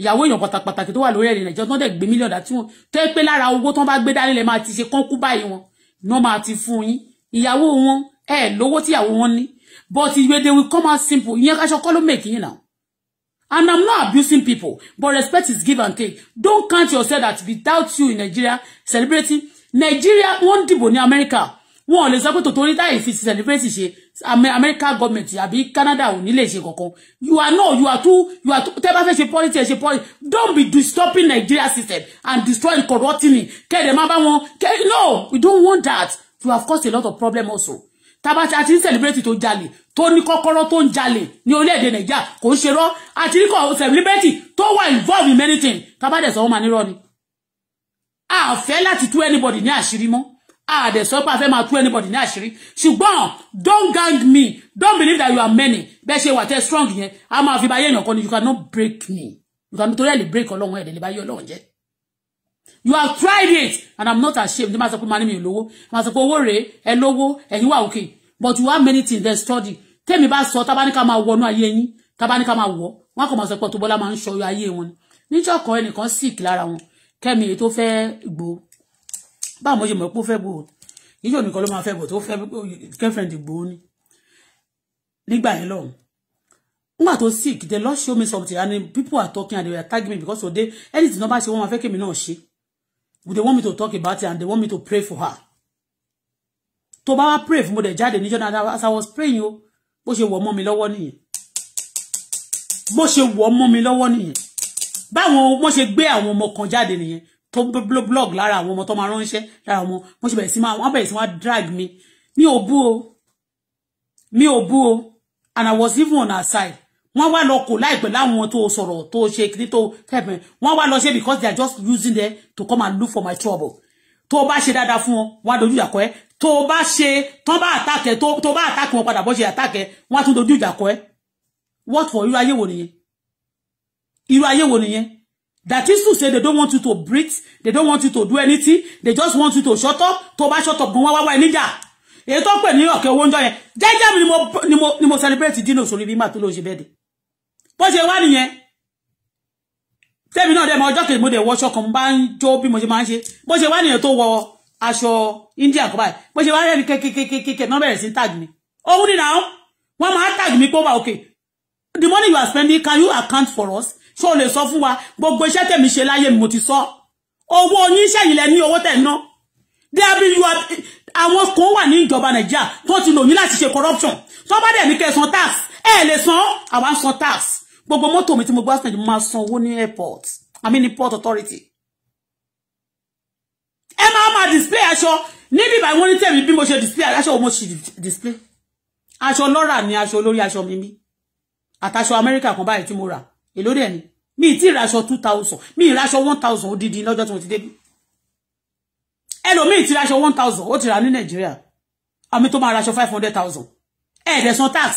ìyàwó èèyàn pàtàkì tó wà lórí ẹ̀rìn nàìjíríà tó ń dẹ̀ gbé mílíọ̀nù dá tí wọ́n tó ẹ pé lára owó tó ń bá gbé dání lẹ̀ máa ti ṣe kán kú báyìí wọn náà máa ti fún yín ìyàwó wọn ẹ lówó tí ìyàwó wọn ní but ìwé they will come out simple ìyẹn kaṣọ kọ́ ló make yín náà and i'm not abusing people but respect is give and take don't count yourself that without you in nigeria celebrating nigeria wọ́n dìbò ní america wọn ò lè sọ pé tòtórí táyì fi celebrate ṣe america government àbí canada ò ní lè ṣe kankan you are no you are too you are too tẹ ṣe policy ẹ ṣe policy don't be disturbing nigeria system and destroying corrupting it kẹ́ẹ̀dẹ̀ má bá wọn no we don't want that you have caused a lot of problem also tabati àti ní celebrity tó to tó ní kọ́kọ́rọ́ tó ń jalè ní orílẹ̀-èdè nàìjíríà kò ń ṣe rọ́ àti ní kọ́ celebrity tó wà involved in many things tabadẹ̀ sọ wọ́n máa nírọ́ ni. a fẹ́ láti tú anybody ní àṣírí mo. a dẹ̀ sọ pé a fẹ́ máa tú anybody ní àṣírí ṣùgbọ́n don't gang me don't believe that you are many Be ṣe wà tẹ́ strong yẹn a máa fi bá yẹ̀yàn kan ni you cannot break me you cannot really break ọlọ́run ẹ̀dẹ̀ lè bá yẹ ọlọ́run jẹ́ you have tried it and i'm not ashamed ní ma sọ pé ma ní mi lówó ma sọ pé owó rèé ẹ lówó ẹ̀yin wà òkè but you have many things then study tèmi bá sọ tábà ní ká máa wọnú ayé yín tábà ní ká máa wọ wọn kò máa sọ pé Auto Bola máa ń ṣọyọ ayé wọn níjọ́ kan ẹnìkan sick lára wọn kẹ́mi èyí tó fẹ́ gbò báwo mo ṣe mọ̀ pé ó fẹ́ gbò yíyọ nìkan ló máa fẹ́ gbò tó fẹ́ girlfriend gbò ni nígbà yẹn lọ́hùn nígbà tó sick the Lord show me something and people are talking and they were tagging me because of they anything náà bá ṣe wọ́n máa fẹ́ kémi náà ṣe they want me to talk about it and they want me to pray for her tó bá pray fún mo dẹ̀ jáde níjọ́ as i was praying o bó ṣe wọ̀ mọ́ mi lọ́wọ́ nìyẹn bó ṣe wọ̀ mọ́ mi Ba nìyẹn mo wọ́n ṣe gbé àwọn ọmọ kan jáde nìyẹn tó blog Lara, àwọn ọmọ tó máa ránṣẹ́ lára wọn mo ṣe bẹ̀rẹ̀ sí máa wọ́n bẹ̀rẹ̀ sí máa drag mi mi obu, o mi ò o and i was even on her side wọ́n wá lọ kò láìpẹ́ láwọn tó sọ̀rọ̀ tó ṣe kiri tó tẹ̀pẹ́ wọ́n wá lọ ṣe because they are just using them to come and look for my trouble tó bá ṣe dáadáa fún wọn wọ́n á dojú ìjà kọ ẹ́ tó bá ṣe tán bá àtàkẹ́ tó bá àtàkẹ́ wọn padà bọ́ ṣe àtàkẹ́ wọ́n tún dojú ìjà kọ what for irú ayé wo nìyẹn irú ayé wo nìyẹn that is to say they don't want you to breathe they don't want you to do anything they just want you to shut up tó bá shut up gan wá wá wá ẹ níjà èyí tó pè ní ọ̀kẹ́ owó ń jọ yẹn jẹ́jẹ́ mi ni mo celebrate dino sórí bí màá tó lóun ṣe bẹ́ẹ̀ dé bó ṣe wá nìyẹn tẹ́mi náà dẹ̀ mọ ọjọ́ kejì mo dẹ̀ wọṣọ kan bá ń jó bí mo ṣe máa ń ṣe bó ṣe wá nìyẹn tó wọ aṣọ India kọ́ báyìí bó ṣe wá rẹ́ni kékékékéké náà bẹ̀rẹ̀ sí tag mi òun ni náà wọ́n máa tag mi pé ó wà okay the money you are spending can you account for us ṣé o lè sọ fún wa gbogbo iṣẹ́ tẹ̀mí ṣe láyé mi mo ti sọ owó oyin iṣẹ́ yìí lẹ ní owó tẹ̀ ná dábí you are àwọn kan wà ní ìjọba Nàìjíríà tó ti lò yín láti ṣe corruption tó bá dẹ̀ ní kẹ́ san tax ẹ lè san àwa ń san tax gbogbo mọ́tò mi tí mo gbá stage mo máa san ní airport i mean ní port authority ẹ máa máa display aṣọ níbi ìbá wọn ní tẹ̀mí bí mo ṣe display aṣọ mo ṣì display aṣọ lọ́ra ni aṣọ olórí aṣọ mi mi àtàṣọ amẹ́ríkà kan báyìí tí mo rà èló dẹ̀ ni mi ì tí ì raṣọ two thousand mi ì raṣọ one thousand odidi lọ́jọ́ tí mo ti débi ẹlòmíì ti raṣọ one thousand ó ti rà ní nàìjíríà àmì tó máa raṣọ five hundred thousand ẹ̀ẹ́dẹ̀ san tax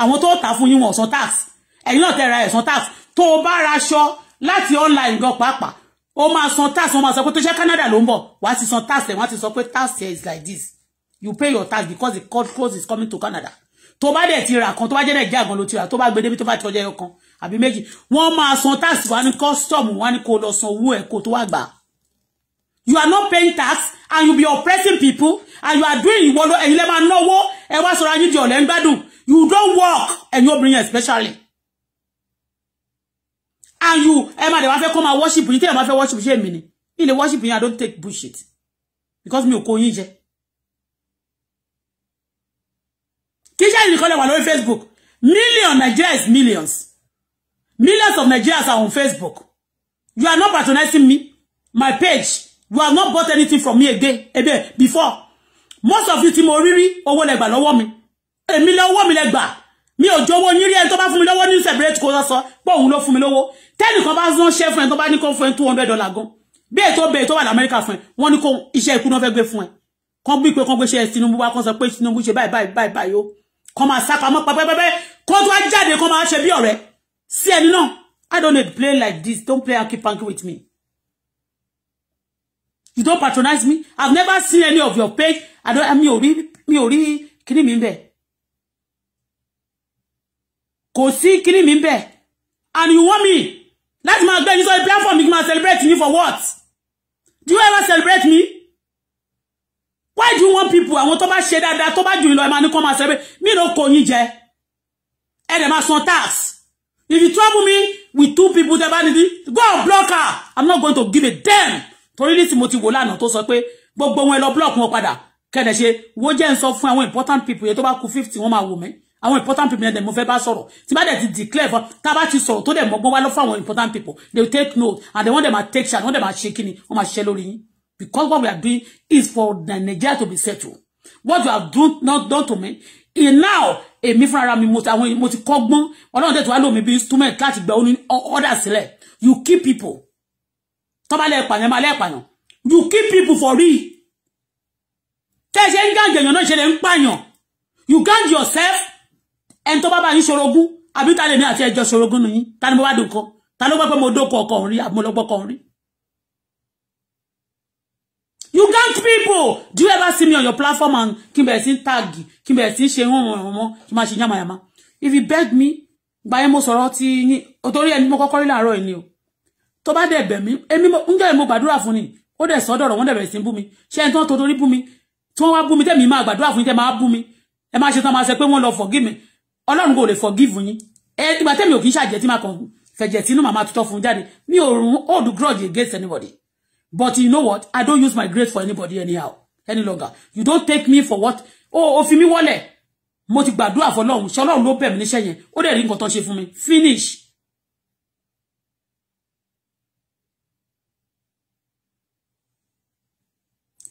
àwọn tó tà fún yín wọn san tax ẹ̀yin náà tẹ́ ra ẹ̀sán tax tó o bá raṣọ láti online gan pàápàá o máa san tax wọn máa sọ pé tó ṣe Canada ló ń bọ̀ wá ti san tax ẹ̀ wọ́n ti sọ pé tax here is like this you pay your tax because the cost is coming to Canada tó bá dẹ̀ ti rà kan tó bá jẹ́ nàìjíríà gan ló ti rà tó bá gbé débi tó bá ti ọjọ́ ẹyọkan àbí méjì wọ́n máa san tax wá ní custom wá ní kó lọ san owó ẹ̀ kó tó wá gbà. you are not paying tax and you be oppressing people and you are doing ìwọlọ ẹ̀yin lẹ́ẹ̀ máa náwó ẹ wá sọ̀rọ̀ ayé di ọ̀lẹ́ ń gbádùn you don't work ẹ̀yin obìnrin especially and you ẹ máa dẹ̀ wá fẹ́ kọ́ máa worship You tell ẹ máa fẹ́ worship ṣé mi ni In the worship yín i don't take bullshit because mi ò kó yín jẹ. kí ṣe ìrìnkọ́ lè wà lórí Facebook million Nigeria is millions millions of Nigerians are on Facebook you are not patronizing me my page you have not bought anything from me again again before most of you ti mo rírí owó lẹ gbà lọ́wọ́ mi èmi lọ́wọ́ mi lẹ gbà mi ò jówó yín rí ẹni tó bá fún mi lówó ní celebrate kó sọ pé òun ló fún mi lówó tẹ́nìkan bá zán ṣẹ́ fún ẹni tó bá ní kó fún ẹni two hundred dollar gan bí ètò bẹ́ẹ̀ tó wà lamẹ́ríkà fún ẹ wọ́n ní kó iṣẹ́ ikú náà fẹ́ gbé fún ẹ kan bí pé kan gbé ṣe Tinubu wá kan sọ pé Tinubu ṣe báyìí báyìí báyìí báyìí ó kan máa sá pamọ́ pẹ́pẹ́pẹ́ kan tó wá jáde kan máa ṣe bí ọ̀rẹ́ sí ẹni náà I don't need play like this don't play hanky panky with me you don't patronize me I've never seen any of your page I don't mi ò rí mi ò rí kíní mi bẹ́ẹ̀ kò sí kíní mi bẹ́ẹ̀ and you want me my máa You saw a platform kí máa celebrate me for what do you ever celebrate me why do you want people I want to share that. That bá jù lọ ẹ máa come and celebrate Me no kò yín jẹ ẹ dẹ̀ máa tax if you trouble me with two people tẹ́ bá go and block her i'm not going to give a damn To really mo ti wò lánàá tó sọ pé gbogbo wọn block wọn padà can I say, "What you're sọ fún important people yẹn tó bá kú fifty wọ́n máa wò àwọn important people yẹn dẹ̀ mo fẹ́ bá sọ̀rọ̀ tí bá dẹ̀ ti declare fún tá bá ti sọ̀rọ̀ tó dẹ̀ mọ́gbọ́n wá lọ fún àwọn important people they will take note and then wọ́n dẹ̀ máa take charge wọ́n dẹ̀ máa ṣe kíni wọ́n máa ṣiṣẹ́ lórí yín because what we are doing is for Nigeria to be settled what we have done not done to me in now èmi fúnra mi mo ti àwọn mo ti kọ́gbọ́n ọlọ́run dẹ̀ tó wá lò mí bí instrument láti gba oní order sílẹ̀ you keep people tọ́ba lẹ́ẹ̀pàyàn máa lẹ́ẹ̀pàyàn you keep people for real tẹ́ ẹ ṣe ń gàǹgẹ̀yàn náà ṣe lè ń pààyàn you gang yourself ẹni tó bá bá yín ṣorogún ta lèmi àti ẹjọ́ ṣorogún nù yín ta ni mo wá dùn kan ta ló gbọ́ pé mo dókọ̀ ọkọ̀ òun rí mo lọ gbọ́kọ̀ òun rí. you gang people do you ever see me on your platform and kí n bẹ̀rẹ̀ tag kí n bẹ̀rẹ̀ sí ṣe hàn hàn mọ́ kí n máa ṣe if you beg me gbàyẹn mo sọ̀rọ̀ ti yín torí ẹni mo kọ́kọ́ rí làárọ̀ ni o tó bá dẹ̀ bẹ̀ mí èmi ń jẹ́ mo gbàdúrà fún ni ó dẹ̀ sọ́dọ̀rọ̀ wọ́n dẹ̀ bẹ̀rẹ̀ sí bú mi ṣé ẹni tí wọ́n tó torí bú mi tí wọ́n wá bú mi tẹ́mi máa ma fún yín tẹ́ máa bú mi ẹ máa ṣe tán máa sọ pé wọ́n lọ forgive me ọlọ́run kò lè forgive yín ẹ ìgbà tẹ́mi ò kì í ṣàjẹ́ tí máa kàn fẹ̀jẹ̀ sínú màmá tutọ́ fún jáde mi ò rún old grudge against anybody but you know what I don't use my grace for anybody anyhow any longer you don't take me for what o ò fi mí wọlẹ̀ mo ti gbàdúrà fọlọ́run ṣe ọlọ́run ló bẹ̀ mí níṣẹ́ yẹn ó dẹ̀ rí nǹkan tó ṣe fún mi finish.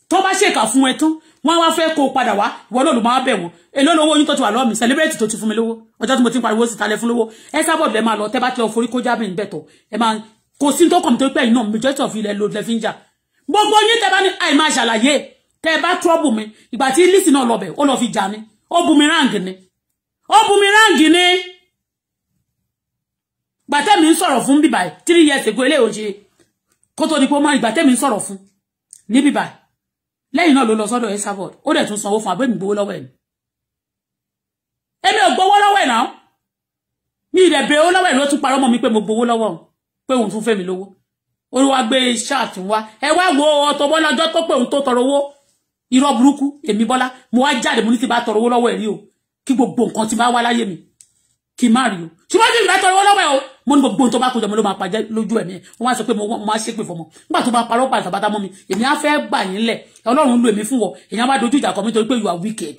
tó bá ṣèkà fún ẹ tán wọ́n wá fẹ́ kó padà wá ìwọ náà ló máa bẹ̀ wọ́n èló lówó oyún tó ti wà lọ́wọ́ mi celebrate tó ti fún mi lówó ọjọ́ tí mo ti ń pariwo sí talẹ̀ fún lówó ẹ sábọ̀ lẹ́ máa lọ tẹ́ bá ti lọ forí kó jábìn níbẹ̀ tọ̀ ẹ máa kò sí tó kàn tó pẹ́ yìí náà majority of ilẹ̀ ló lẹ́ fi ń jà gbogbo yín tẹ́ bá ní àì máa ṣàlàyé tẹ́ bá trouble mi ìgbà tí lísì náà lọ bẹ̀ ó lọ fi jà ni ó bumerang ni ó bumerang ni gbàtẹ́mi ń sọ̀rọ̀ fún bíbáyìí three years ago eléyòó ṣe kó pé ó máa ìgbàtẹ́mi ń sọ̀rọ̀ fún ní bíbáyìí lẹ́yìn náà ló lọ sọ́dọ̀ esabod ó dẹ̀ tún sanwó fún abẹ́mi gbowó lọ́wọ́ ẹ̀ èmi ò gbowó lọ́wọ́ ẹ̀ náà mi ì dẹ̀ bẹ̀rẹ̀ lọ́wọ́ ẹ̀ ló tún parọ́ mọ́ mi pé mo gbowó lọ́wọ́ pé òun tún fẹ́ mi lówó olúwa gbé ṣáàtì wá ẹ wá wo Auto Bola ọjọ́ tó pé òun tó tọrọ owó irọ́ burúkú èmi Bọ́lá mo wá jáde mo ní ti bá tọrọ owó lọ́wọ́ ẹ̀ rí o kí gbogbo nǹkan ti bá wá láyé mi kì í má rí o ṣùgbọ́n tí ìgbà tọrọ lọ́wọ́ ẹ̀ o mo ní gbogbo tó bá kó jọmọ ló máa pàjẹ́ lójú ẹ̀mí wọ́n wá sọ pé mo máa ṣépè fọmọ nígbà tó bá parọ́ pàṣẹ bàtà mọ́ mi èmi á fẹ́ gbà yín lẹ̀ ọlọ́run lo èmi fún wọ èèyàn bá dojú ìjà kọ mi torí pé you are wicked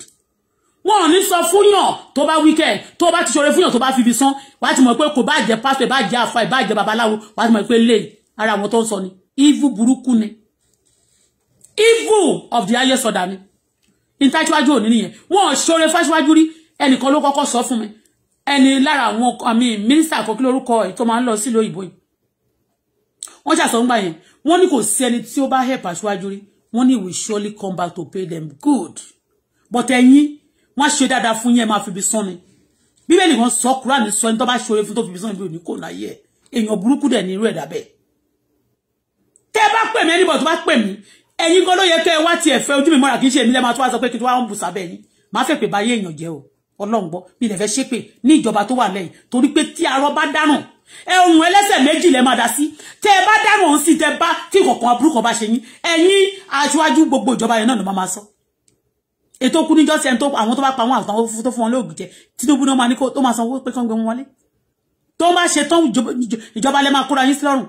wọn ò so sọ fúnyàn To bá wicked to bá ti ṣoore fúnyàn to bá fi ibi sán wàá ti mọ̀ pé kò bá jẹ́ pásítọ̀ bá jẹ́ àfa ìbá jẹ́ babaláwo wàá ti mọ̀ pé lè ara àwọn tó ń sọ ni evil burúkú ni evil of the highest order ni ìtajúwájú òní nìyẹn wọn ò ṣoore fáṣíwájú rí ẹnìkan ló kọ́kọ́ sọ fún mi ẹni lára àwọn àmì mínísítà kan kí lórúkọ ẹ̀ tó máa ń lọ sílùú òyìnbó yìí wọ́n ṣàṣọ ń gbà yẹn wọ́n ní kò sí ẹni tí ó bá help aṣáájú rí wọ́n ní we surely come back to pay them good but ẹ̀yin wọ́n ṣe dáadáa fún yín ẹ̀ máa fi ibi sán ni bíbélì wọn sọ kúránì sọ ẹni tó bá ṣoore fún tó fi ibi sán ibi òní kò láyé ẹ̀ èèyàn burúkú dẹ̀ ní irú ẹ̀dá bẹ́ẹ̀ tẹ́ ẹ bá pè mí ẹnìbọ̀ tó bá pè mí ẹ̀yin gan ló yẹ kẹ́ ẹ wá tiẹ̀ fẹ́ ojú mi mọ́ra kì í ṣe èmi lẹ́ẹ̀ máa tó wá sọ pé kí tó wá ń bù sábẹ́ yín máa fẹ́ pè báyé èèyàn jẹ́ o ọlọ́run gbọ́ mi lè fẹ́ ṣépè ní ìjọba tó wà lẹ́yìn torí pé tí arọ bá dáràn ẹ ohun ẹlẹ́sẹ̀ méjì lẹ máa dá sí tẹ ẹ bá dáràn òun sì tẹ bá tí kọ̀ọ̀kan aburúkọ bá ṣe yín ẹ̀yin aṣáájú gbogbo ìjọba yẹn náà ló máa máa sọ ètò kú níjọ́ sí ẹni tó àwọn tó bá pa wọn àtàwọn tó fún wọn lóògùn jẹ Tinubu náà máa ní kó tó máa sanwó pé kán gbé wọn wọlé tó máa ṣe tán ìjọba lẹ máa kóra yín sí lọ́rùn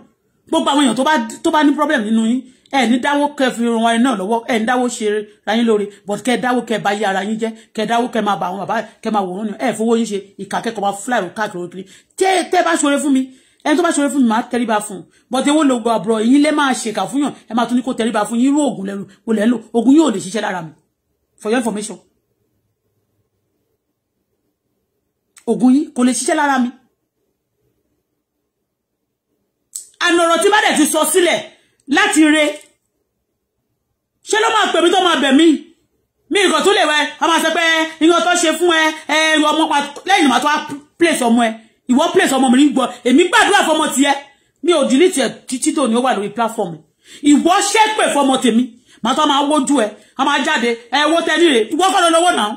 gbogbo àwọn èèyàn tó bá tó bá ní problem nínú yín ẹ ní dáwó kẹ́ fi ran ẹni náà lọ́wọ́ ẹ ní dáwó ṣe ra yín but kẹ́ dáwó kẹ́ bà yé ara yín jẹ́ kẹ́ dáwó kẹ́ máa bà àwọn bàbá kẹ́ máa wòrán yàn ẹ fowó yín ṣe ìkà kẹ́kọ̀ọ́ máa fly ro káàkiri òkiri tẹ tẹ bá ṣoore fún mi ẹni tó bá ṣoore fún mi máa tẹríba fún un but ewo lo gbọ àbúrò yín lẹ máa ṣèkà fún yàn ẹ máa tún ní kó tẹríba fún yín irú oògùn lẹnu kò lẹ ń lò oògùn yóò lè ṣiṣẹ́ lára mi for your information oògùn yín kò lè ṣiṣẹ́ lára mi àna ọ̀rọ̀ tí bá dẹ̀ ti sọ sílẹ̀ láti re ṣé ló máa pè mí tó máa bẹ̀ mí mi nǹkan tó lè wẹ ọmọ àṣẹ pé nǹkan tó ṣe fún ẹ ẹ ọmọ pa lẹ́yìn ìmọ̀ tó wá place ọmọ ẹ ìwọ place ọmọ mi ní gbọ́ èmi gbàdúrà fọmọ tiẹ̀ mi ò delete ẹ títí tó ní ó wà lórí platform ìwọ ṣépè fọmọ tèmi màá tó máa wójú ẹ a máa jáde ẹ wó tẹ́lẹ̀ rè ìwọ kọ́ lọ lọ́wọ́ náà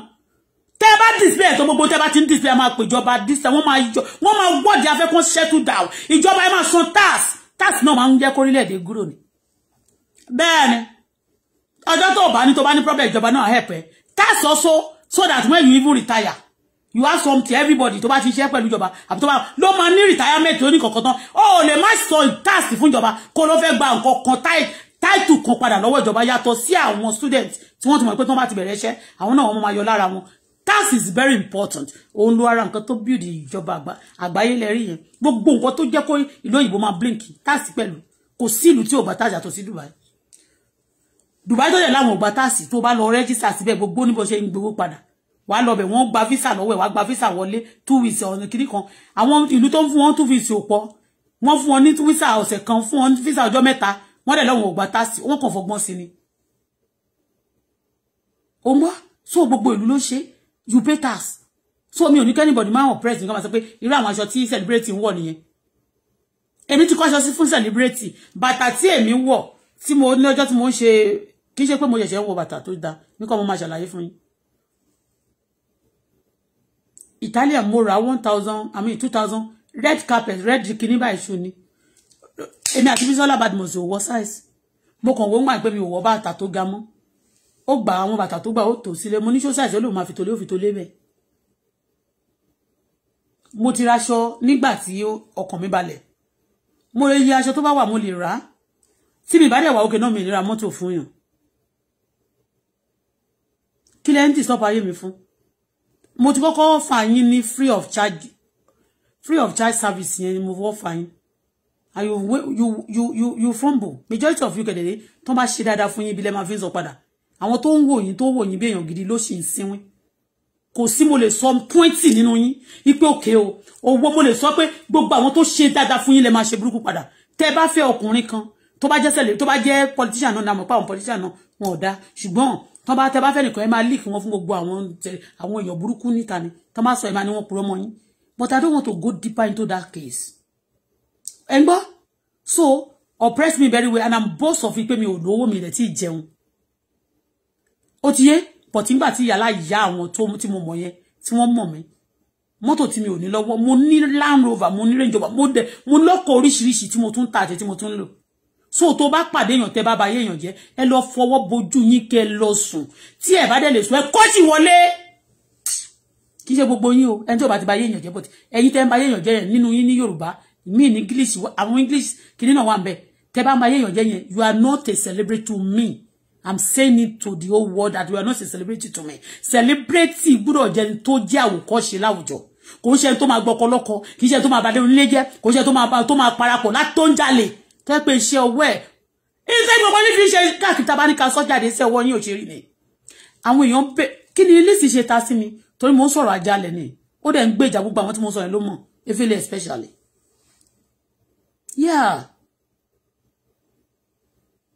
tẹ́ bá display tó gbogbo tẹ́ bá ti ń display a máa pè ìjọba display wọ́n máa wọ́ọ̀dì afẹ́kọ́ settle down ìjọba ẹ máa san tax tax náà máa ń jẹ́ kórílẹ̀-èdè gúrò ni bẹ́ẹ̀ ni ọjọ́ tó bá ní tó bá ní problem ìjọba náà help ẹ tax also so that when you even retire you have something everybody tó bá ti ṣiṣẹ́ pẹ̀lú ìjọba àbí tó bá ló máa ní retirement oníkọ̀ọ̀kan tán ó lè má sọ tax fún ìjọba kó ló fẹ́ gba nǹkan kan táìtù kan padà lọ́wọ́ ìjọba yàtọ̀ sí àwọn students tí wọ́n ti mọ̀ pé tí wọ́n bá ti bẹ̀rẹ̀ iṣẹ́ àwọn náà wọ́n máa yọ lára wọn tax is very important òun ló ara nǹkan tó build ìjọba àgbáyé lẹ́rí yẹn gbogbo nǹkan tó jẹ́ kó ìlú òyìnbó máa blink tax pẹ̀lú kò sí ìlú tí ò bá tax àtọ̀ sí Dubai Dubai tó dẹ̀ láwọn ò gba tax tó bá lọ rẹ́gísà síbẹ̀ gbogbo níbo ṣe ń gbowó padà wà lọ wọ́n gba visa lọ́wọ́ ẹ̀ wá gba visa wọlé two weeks ọ̀nà kìíní kan àwọn ìlú tó ń fún wọn two weeks ò pọ̀ wọ́n fún wọn ní visa ọ̀sẹ̀ kan fún wọn visa ọjọ́ mẹ́ta wọ́n dẹ̀ lọ́wọ́ ò gba tax wọ́n kàn fọgbọ́n sí ni. ó ń gbọ́ sóò gbogbo ìlú ló ṣe é you pay tax so me ò ní kẹ́nìbọ̀dì máa hàn press nǹkan máa sọ pé irú àwọn aṣọ tí celebrate ń wọ̀ nìyẹn èmi ti kọ́ aṣọ sí fún celebrate bàtà tí èmi wọ̀ tí mo ní ọjọ́ tí mo ń ṣe kì í ṣe pé mo ṣẹ̀ṣẹ̀ ń wọ bàtà tó da nǹkan mo máa ṣàlàyé fún yín Italian mo ra one thousand I mean two thousand red carpet red kìíní báyìí ṣu ni èmi àti bad? Badmus ò wọ size mo kàn wọ́n gbà pé mi ò wọ bàtà ga mọ́ O gba àwọn bàtà tó gbà ó tò sílẹ̀ mo ní ṣó ṣàṣẹ lòun máa fi tolé ó fi tolé bẹ́ẹ̀ mo ti raṣọ nígbà tí ọkàn mi balẹ̀ mo lè yẹ aṣọ tó bá wà mo lè rà á mi bá dẹ̀ wà òkè náà mi ra mọ́tò fún yàn kí lẹ́yìn tí stop ayé mi fún mo ti kọ́kọ́ fà yín ní free of charge free of charge service yẹn ni mo fọ́ fà yín you you you you you fumble majority of you kẹ̀dẹ̀dẹ̀ tó bá ṣe dáadáa fún yín ibi lẹ́ẹ̀ máa fi ń sọ àwọn tó ń wò yín tó wò yín bí èèyàn gidi ló sì ń sinwín kò sí mo lè sọ pọ́ìntì nínú yín wípé òkè o owó mo lè sọ pé gbogbo àwọn tó ṣe dáadáa fún yín lè máa ṣe burúkú padà tẹ́ bá fẹ́ ọkùnrin kan tó bá jẹ́ sẹ́lẹ̀ tó bá jẹ́ politician náà nàmọ̀ páwọn politician náà wọn ò dá ṣùgbọ́n tọ́ bá tẹ́ bá fẹ́ nìkan ẹ máa líìkì wọn fún gbogbo àwọn àwọn èèyàn burúkú níta ni tọ́ bá sọ ẹ máa ní wọn purọ́ mọ́ yín but I don't want to go deeper into that case ẹ ń gbọ́ so oppress me very well and I'm boss of it pé mi ò lówó mi rẹ̀ tí ì jẹun ó ti yé but nígbà tí ìyá láyà àwọn tó tí mo mọ̀ yẹn tí wọ́n mọ̀ mí mọ́tò tí mi ò ní lọ́wọ́ mo ni Land Rover mo ni Range Rover mo de mo lọ́kọ̀ oríṣiríṣi tí mo tún ń ta ti tí mo tún ń so tó bá pàdé èèyàn tẹ bá ba yéèyàn jẹ ẹ lọ fọwọ́ bojú yín kẹ lọ sùn tí ẹ bá dẹ̀ lè sùn ẹ kọ́ sì wọlé kì í gbogbo yín o ẹni tí ò ti ba ye jẹ bọ̀tì ẹ̀yin tẹ́ ń ba ye jẹ yẹn nínú yín ní Yorùbá mí ní English àwọn English kini na wà ń bẹ tẹ bá ba yéèyàn jẹ yẹn you are not a celebrity to me i'm saying it to the whole world that we are not a celebrity to me celebrity gbọ́dọ̀ jẹ́ tó to dia we kò ń ṣe tó máa to ma kì í ṣe to ma bàdé onílé jẹ́ kò ń to ma máa tó máa parapọ̀ láti tó ń jalè tó pé iṣẹ́ ọwọ́ ẹ̀ iṣẹ́ gbogbo ní fi ṣe káàkiri tá a bá ní ká sọ jáde iṣẹ́ ọwọ́ yín ò ṣe rí ni àwọn èèyàn bẹ kí ni mi torí mo ń sọ̀rọ̀ ajalẹ̀ ni ó dẹ̀ ń gbé ìjà gbogbo àwọn tí mo sọ yẹn ló mọ̀ efele especially yeah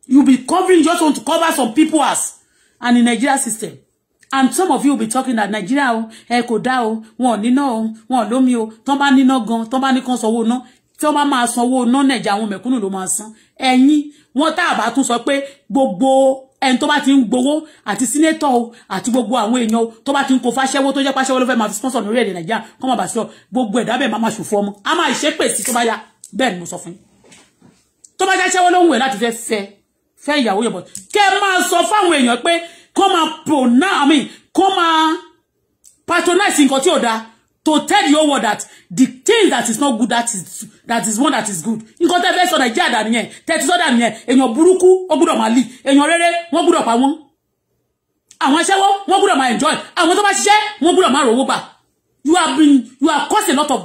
You'll be covering, just want to cover some people as, and in Nigeria system. And some of you will be talking that Nigeria o, ẹ kò dá o, wọn ò níná o, wọn ò lómi o, tán bá níná gan, tán bá ní kan sanwó ná, tí wọ́n bá máa sanwó ná Nàìjíríà àwọn mẹ̀kúnnù ló máa Bobo Ẹ̀yin, wọ́n tá àbá tún sọ pé gbogbo ẹni tó bá ti ń gbowó àti sínétọ̀ o àti gbogbo àwọn èèyàn o tó bá ti ń kó fáṣẹ́wó tó jẹ́ pàṣẹwó ló fẹ́ máa fi sponsor lórí èdè Nàìjíríà kọ́ máa bà sí ọ gbogbo ẹ̀dá bẹ́ẹ̀ máa máa ṣòfò ọmọ a máa ṣépè sí tó bá yá bẹ́ẹ̀ ni mo sọ fún fẹ́ ìyàwó yẹn bọ̀ kẹ́ máa sọ fáwọn èèyàn pé kó máa pronounce I mean kó máa patronize nǹkan tí ò dáa to tell your word that the thing that is not good that is that is one that is good nǹkan tẹ́ fẹ́ sọ nàìjíríà dà nìyẹn tẹ́ ti sọ dà nìyẹn èèyàn burúkú ó gbúdọ̀ máa lì èèyàn rere wọ́n gbúdọ̀ pa wọ́n àwọn aṣẹ́wó wọ́n gbúdọ̀ máa enjoy àwọn tó bá ṣiṣẹ́ wọ́n gbúdọ̀ máa rówó gbà you have been you have caused a lot of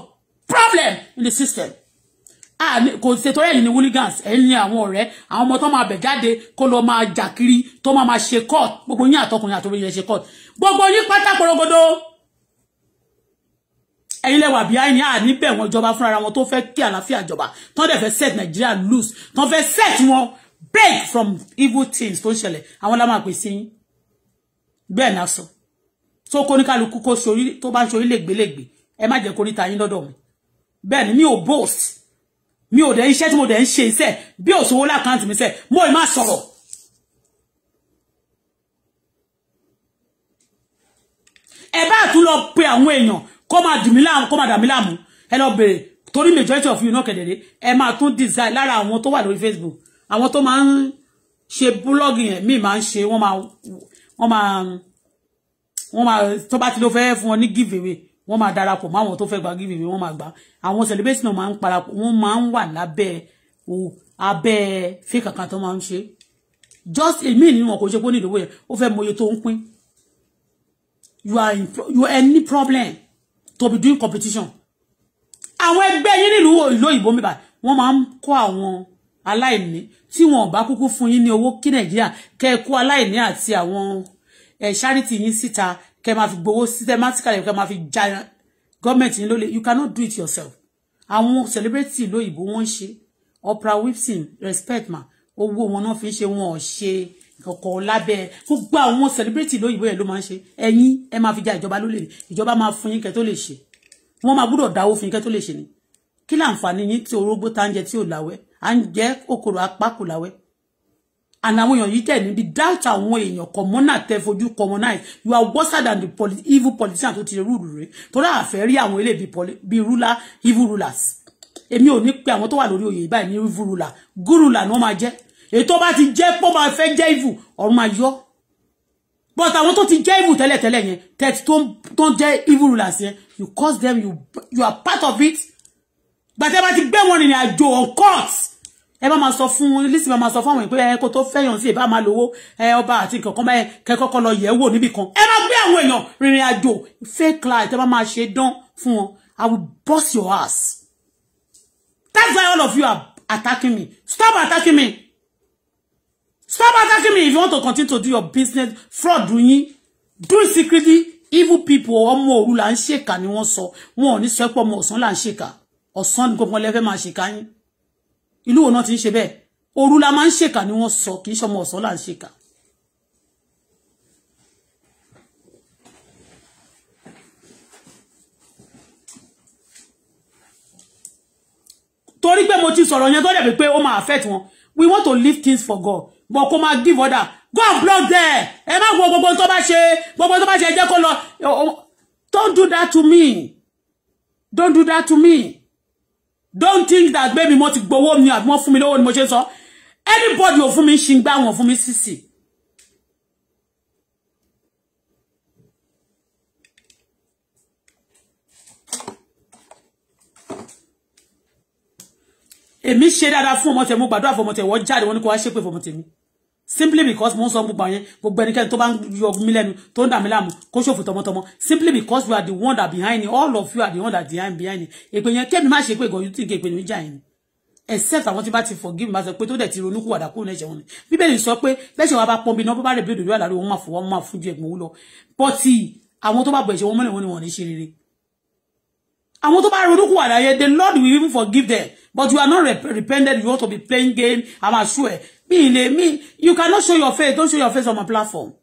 problem in the system Ah, kò ṣètò ẹ̀yìn ní hooligans ẹ̀yìn àwọn ọ̀rẹ́ àwọn ọmọ tó máa bẹ̀ jáde kó lọ máa jà kiri tó máa máa ṣe court gbogbo yín àtọkùnrin àtọkùnrin yẹn ṣe court gbogbo yín pátá porogodo ẹ̀yin lẹ́wà bíi àìní àní bẹ̀ wọ́n jọba fúnra wọn tó fẹ́ kí àlàáfíà jọba tán dẹ̀ fẹ́ set Nigeria loose tán fẹ́ set wọn break from evil things tó ń ṣẹlẹ̀ àwọn la máa pè sí bẹ́ẹ̀ náà sọ tó kóníkàlùkù kó tó bá ń ṣorí lẹ́gbẹ̀lẹ́gbẹ̀ ẹ má jẹ́ kórìtà yín lọ́dọ̀ mi bẹ́ẹ̀ ni mi ò boast mi ò dẹ̀ iṣẹ́ tí mo dẹ̀ ń ṣe iṣẹ́ bí ò sówó lákàntì mi se mo ì má sọ̀rọ̀ ẹ bá tún lọ pe àwọn èèyàn kó máa dì mí láàmú kó máa dà mí láàmú majority of you náà kẹ̀dẹ̀rẹ́ ẹ máa tún design lára àwọn tó wà lórí Facebook àwọn tó máa ń ṣe búlọ́ọ̀gì yẹn míì máa ń ṣe wọ́n máa wọ́n máa wọ́n máa ti lọ fẹ́ fún wọn giveaway wọ́n máa darapọ̀ mọ́ àwọn tó fẹ́ gba give away wọ́n máa gbà àwọn celebrate náà máa ń parapọ̀ wọ́n máa ń wà lábẹ́ o abẹ́ fake account tó máa ń ṣe just èmi nínú wọn kò ṣe pé ó ní ìdòwò yẹn ó fẹ́ mọ tó ń pín you are in you are any problem to be doing competition àwọn ẹgbẹ́ yín nílùú ìlú òyìnbó mi báyìí wọ́n máa ń kó àwọn aláìní tí wọn bá kúkú fún yín ní owó kí nàìjíríà kẹ kó aláìní àti àwọn eh, charity yín síta kẹ́ máa fi gbowó systematically kẹ́ máa fi já gọ́ọ̀mẹ̀ntì yín lólè you cannot do it yourself àwọn celebrity lóyìnbó wọ́n ń ṣe Oprah Winfrey respect ma owó wọn náà fi ń ṣe wọn ò ṣe kọ̀ọ̀kan lábẹ́ gbogbo celebrity lóyìnbó yẹn ló máa ń ṣe ẹ̀yin ẹ máa fi já ìjọba lólè ìjọba máa fún yín kẹ́ tó lè ṣe wọ́n máa gbúdọ̀ dáwó fún yín kẹ́ tó lè ni Kila láǹfààní yín tí orógbó tá ń jẹ tí ò láwẹ́ à ń jẹ and àwọn èèyàn yìí tẹ̀ níbi doubt àwọn èèyàn kọ̀mọ́nà tẹ fojú kọ̀mọ́nà yìí you are worse than the poli evil politician tó ti rúùlù rẹ̀ torí àfẹ́ rí àwọn eléyìí bíi ruler evil rulers èmi ò ní pé àwọn tó wà lórí oyè báyìí ní evil ruler good ruler ni wọ́n máa jẹ́ ètò bá ti jẹ́ pọ́ máa fẹ́ jẹ́ evil ọ̀run máa yọ but àwọn tó ti jẹ́ evil tẹ́lẹ̀tẹ́lẹ̀ yẹn tẹ́tí tó ń jẹ́ evil rulers yẹn you cause them you, you are part of it gbàtẹ́ bá ti gbé wọn rìnrìn àjò on court ẹ bá máa sọ fún lísì máa sọ fún àwọn ìpínlẹ̀ kó tó fẹ́yàn sí ìbá máa lówó ẹ ọba àti nǹkan kan báyẹn kẹ́kọ́kọ́ lọ yẹ̀ wò níbì kan ẹ máa gbé àwọn èèyàn rìnrìn àjò fake life ẹ bá máa ṣe dán fún wọn I will bust your ass that's why all of you are attacking me stop attacking me stop attacking me if you want to continue to do your business fraud yín do it secretly evil people ọmọ òru là ń ṣèkà ni wọ́n sọ wọn ò ní sọ pé ọmọ ọ̀sán là ń ṣèkà ọ̀sán ni gbogbo ọlẹ́fẹ́ máa ṣèkà yín ìlú wo náà ti ń ṣe bẹ́ẹ̀ òru la máa ń ṣèkà ni wọ́n sọ kì í ṣọmọ ọ̀sán là ń ṣèkà. torí pé mo ti sọ̀rọ̀ yẹn tó dẹ̀ pé ó máa affect wọn we want to leave things for God but kó máa give order go and block there ẹ má wo gbogbo tó bá ṣe gbogbo tó bá ṣe ẹ jẹ́ kó lọ don't do that to me don't do that to me don't think that baby mo ti gbowó mi àbí wọ́n fún mi lówó ni mo ṣe sọ anybody ò fún mi ṣì ń gbá wọn fún mi sísì èmi ṣe dáadáa fún ọmọ tèmi gbàdúrà fọmọ tèmi wọ́n jáde wọ́n ní kó wá ṣépè fọmọ tèmi simply because mo ń sọ gbogbo àyẹn gbogbo ẹnikẹ́ni tó bá ń yọ mí lẹ́nu tó ń dà mí láàmú kó ṣòfò tọmọtọmọ simply because you are the one that behind it all of you are the one that behind behind it èpè yẹn kẹ́mi má ṣe pé ìgò yìí think èpè mi jà yẹn ni except àwọn tí bá ti forgive ma sọ pé tó dẹ̀ ti ronú kúwàdà kúrò lẹ́sẹ̀ wọn ni bíbélì sọ pé lẹ́sẹ̀ wa bá pọ́n bí iná bó bá rẹ̀ bí òdòdó àlàrò wọn máa fọwọ́ máa fún ju ẹ̀gbọ́n lọ bọ́tì àwọn tó bá bọ̀ ẹ̀ṣẹ̀ wọn mọ́lẹ̀ wọn ni wọ́n ní ṣe rere àwọn tó bá ronú kúwàdà yẹn the Lord will even forgive them but you are not repented you want to be playing game I'm sure Me, me, you cannot show your face. Don't show your face on my platform.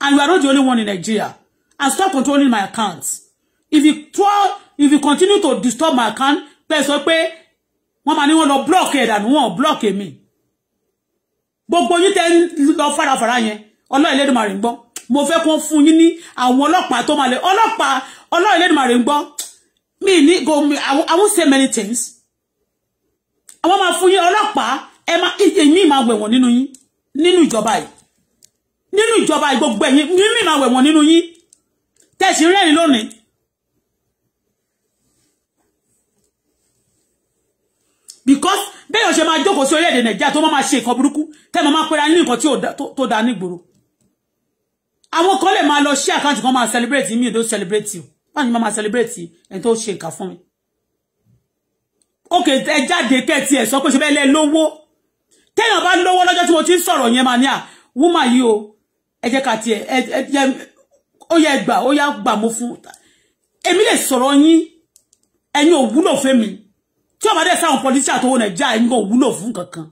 And you are not the only one in Nigeria. And stop controlling my accounts. If you try, if you continue to disturb my account, please, sọ pé wọ́n want to block lọ block want to wọ́n block mi. Gbogbo yín tẹ́ lọ fàràfàrà yẹn. Ọlọ́run Elédùmarè ń gbọ́. Mo fẹ́ kó fún yín ní àwọn ọlọ́pàá tó máa lè ọlọ́pàá Ọlọ́run Elédùmarè ń gbọ́. Mi ní go I won't say many things. Àwọn máa fún yín ọlọ́pàá ẹ má èmi máa wẹ̀wọ̀n nínú yín nínú ìjọba yìí nínú ìjọba yìí gbogbo ẹ̀yin mímì máa wẹ̀wọ̀n nínú yín tẹ̀sí rẹ́rìn lónìí. because bẹ́ẹ̀ ṣe máa jókòó sí orílẹ̀-èdè nàìjíríà tó máa ṣe nǹkan burúkú tẹ́ máa pera ní nǹkan tó dáa nígboro àwọn kan lè máa lọ ṣí àkáǹtì kan máa celebrate mi ò tó celebrate o báwo ni máa celebrate ẹni tó ṣe nǹkan fún mi. ok ẹ jáde kẹ́ ẹ tiẹ̀ sọ pé ṣe bẹ́ẹ̀ lẹ́ lówó téèyàn bá lówó lọ́jọ́ tí mo ti ń sọ̀rọ̀ yẹn máa ní à wúmà yìí o ẹ jẹ́ ká tiẹ̀ ẹ jẹ́ ó yẹ gbà ó yá gbà mo fún èmi lè sọ̀rọ̀ yín ẹ̀yin ò wúlò fẹ́mi tí ọmọdé sáwọn pọlísì àtọwọ́ nàìjíríà ẹ̀yin kò wúlò fún kankan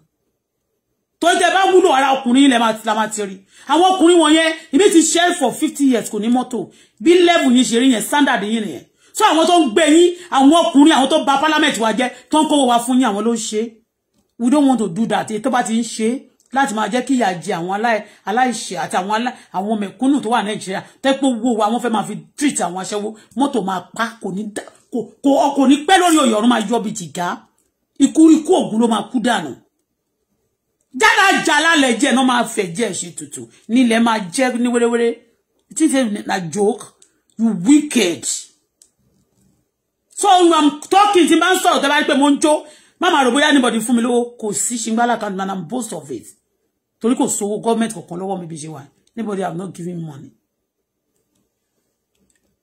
tó jẹ bá wúlò ara ọkùnrin ilẹ̀ máa ti la máa ti rí àwọn ọkùnrin wọn yẹn ibi ti share for fifty years kò ní mọ́tò bí level yìí ṣe rí yẹn standard yìí nìyẹn so àwọn tó ń gbé yín àwọn ọkùnrin àwọn tó bà parliament wa jẹ́ tó ń kówó wa fún yín àwọn ló ń ṣe we don't want to do that ètò bá ti ń ṣe láti máa jẹ́ kí ìyà jẹ àwọn aláìṣẹ àti àwọn àwọn mẹ̀kúnnù tó wà nàìjíríà tẹ́pọ̀ wo wa wọ́n fẹ́ máa fi treat àwọn aṣẹ́wó mọ́tò máa pa kò ní kò ní pẹ́ lórí òyìn ọ̀run máa yọ bíi tìgá ikú ikú ògùn ló máa kú dànù jálàjà lálẹ́ jẹ́ náà máa fẹ̀ jẹ́ ṣe tutù nílẹ̀ máa jẹ́ ní wéréwéré it is a joke you wicked so I'm talking ti máa ń sọ̀rọ̀ tẹ́ bá rí pé mo ń jó Mama máa rò bóyá anybody fún mi lówó kò sí ṣingbala account and i'm boast of it torí kò sówó government kankan lọ́wọ́ mi bí ṣe wà anybody i'm not giving money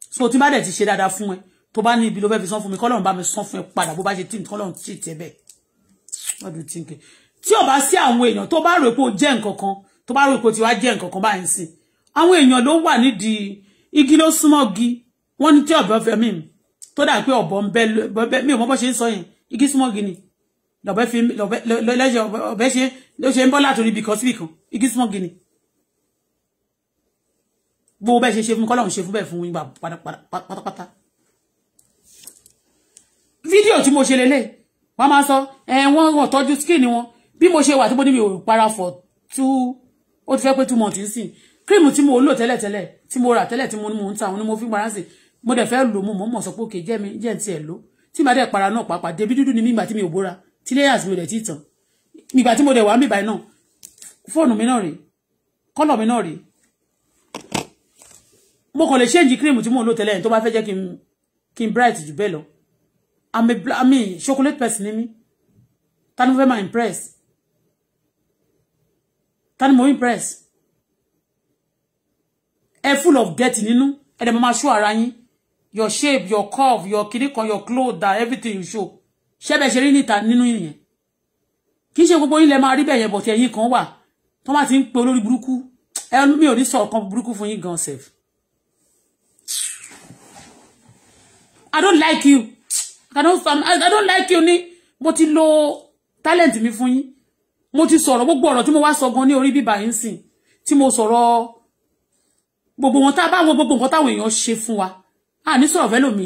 so tí n bá dẹ̀ ti ṣe dáadáa fún ẹ tó bá ní ibi ló fẹ́ fi san fún mi kọ́lọ́run bá mi san fún ẹ padà bó bá ṣe tí nǹkan lọ́run ṣì tẹ́ bẹ́ẹ̀ what do you think tí o bá sí àwọn èèyàn tó bá rò pé o jẹ́ nǹkan kan tó bá rò ti wá jẹ́ nǹkan kan báyìí sí àwọn èèyàn ló wà nídìí igi ló súnmọ́ gi wọ́n ní tí ọ̀bẹ ọ̀fẹ́ mi tó dà pé ọ̀bọ ń mi ò mọ bó ṣe ń sọ igi súnmọ́ igi ni lọ́bẹ̀ fi lọ́lẹ́jẹ̀ ọ̀bẹ ṣe ló ṣe ń bọ́ látòrí bìkan síbì kan igi súnmọ́ igi ni gbogbo bẹ́ẹ̀ ṣe ṣe fún kọ́lọ́hún ṣe fún bẹ́ẹ̀ fún yín pátápátá fídíò tí mo ṣe lélẹ̀ wọ́n máa sọ ẹ̀ wọ́n wọ̀ tọ́jú skin wọn bí mo ṣe wà tí mo ní mi ò para for two ó ti fẹ́ pé two months sí cream tí mo lò tẹ́lẹ̀tẹ́lẹ̀ tí mo rà tẹ́lẹ̀ tí mo ní mo ń ta àwọn ni mo fi gbára sí mo dẹ̀ fẹ́ lò mo mọ̀ sọ pé òkè jẹ́ mi jẹ́ ti ẹ̀ lò tí màá dẹ̀ para náà pàápàá débi dúdú ni mí ìgbà tí mi ò bóra tí layers mi ò dẹ̀ ti tàn ìgbà tí mo dẹ̀ wà mí báyìí náà fóònù mi náà rèé kọ́lọ̀ mi náà re, mo kàn lè ṣéǹjì cream tí mò ń lò tẹ́lẹ̀ tó bá fẹ́ jẹ́ kí n bright jù bẹ́ẹ̀ lọ i'm a i mean chocolate person ni mí mo fẹ́ máa impress ta mo impress e full of debt nínú e dẹ̀ mo máa ara yín your shape your curve your kìíní your clothes that everything you show ṣé bẹ́ẹ̀ ṣe rí níta nínú ìyẹn kì í ṣe gbogbo yín lẹ máa rí bẹ́ẹ̀ yẹn bọ̀tí ẹ̀yìn kan wà tó bá ti ń pe olórí burúkú ẹ mi ò ní sọ ọ̀kan burúkú fún yín gan sef I don't like you I don't, I don't like you ni mo ti lo talent mi fún yín mo ti sọ̀rọ̀ gbogbo ọ̀rọ̀ tí mo wá sọ gan ní orí bíbá yín sìn tí mo sọ̀rọ̀ gbogbo wọn tá a bá wo gbogbo nǹkan táwọn èèyàn ṣe wa àní sọ̀rọ̀ fẹ́ lómi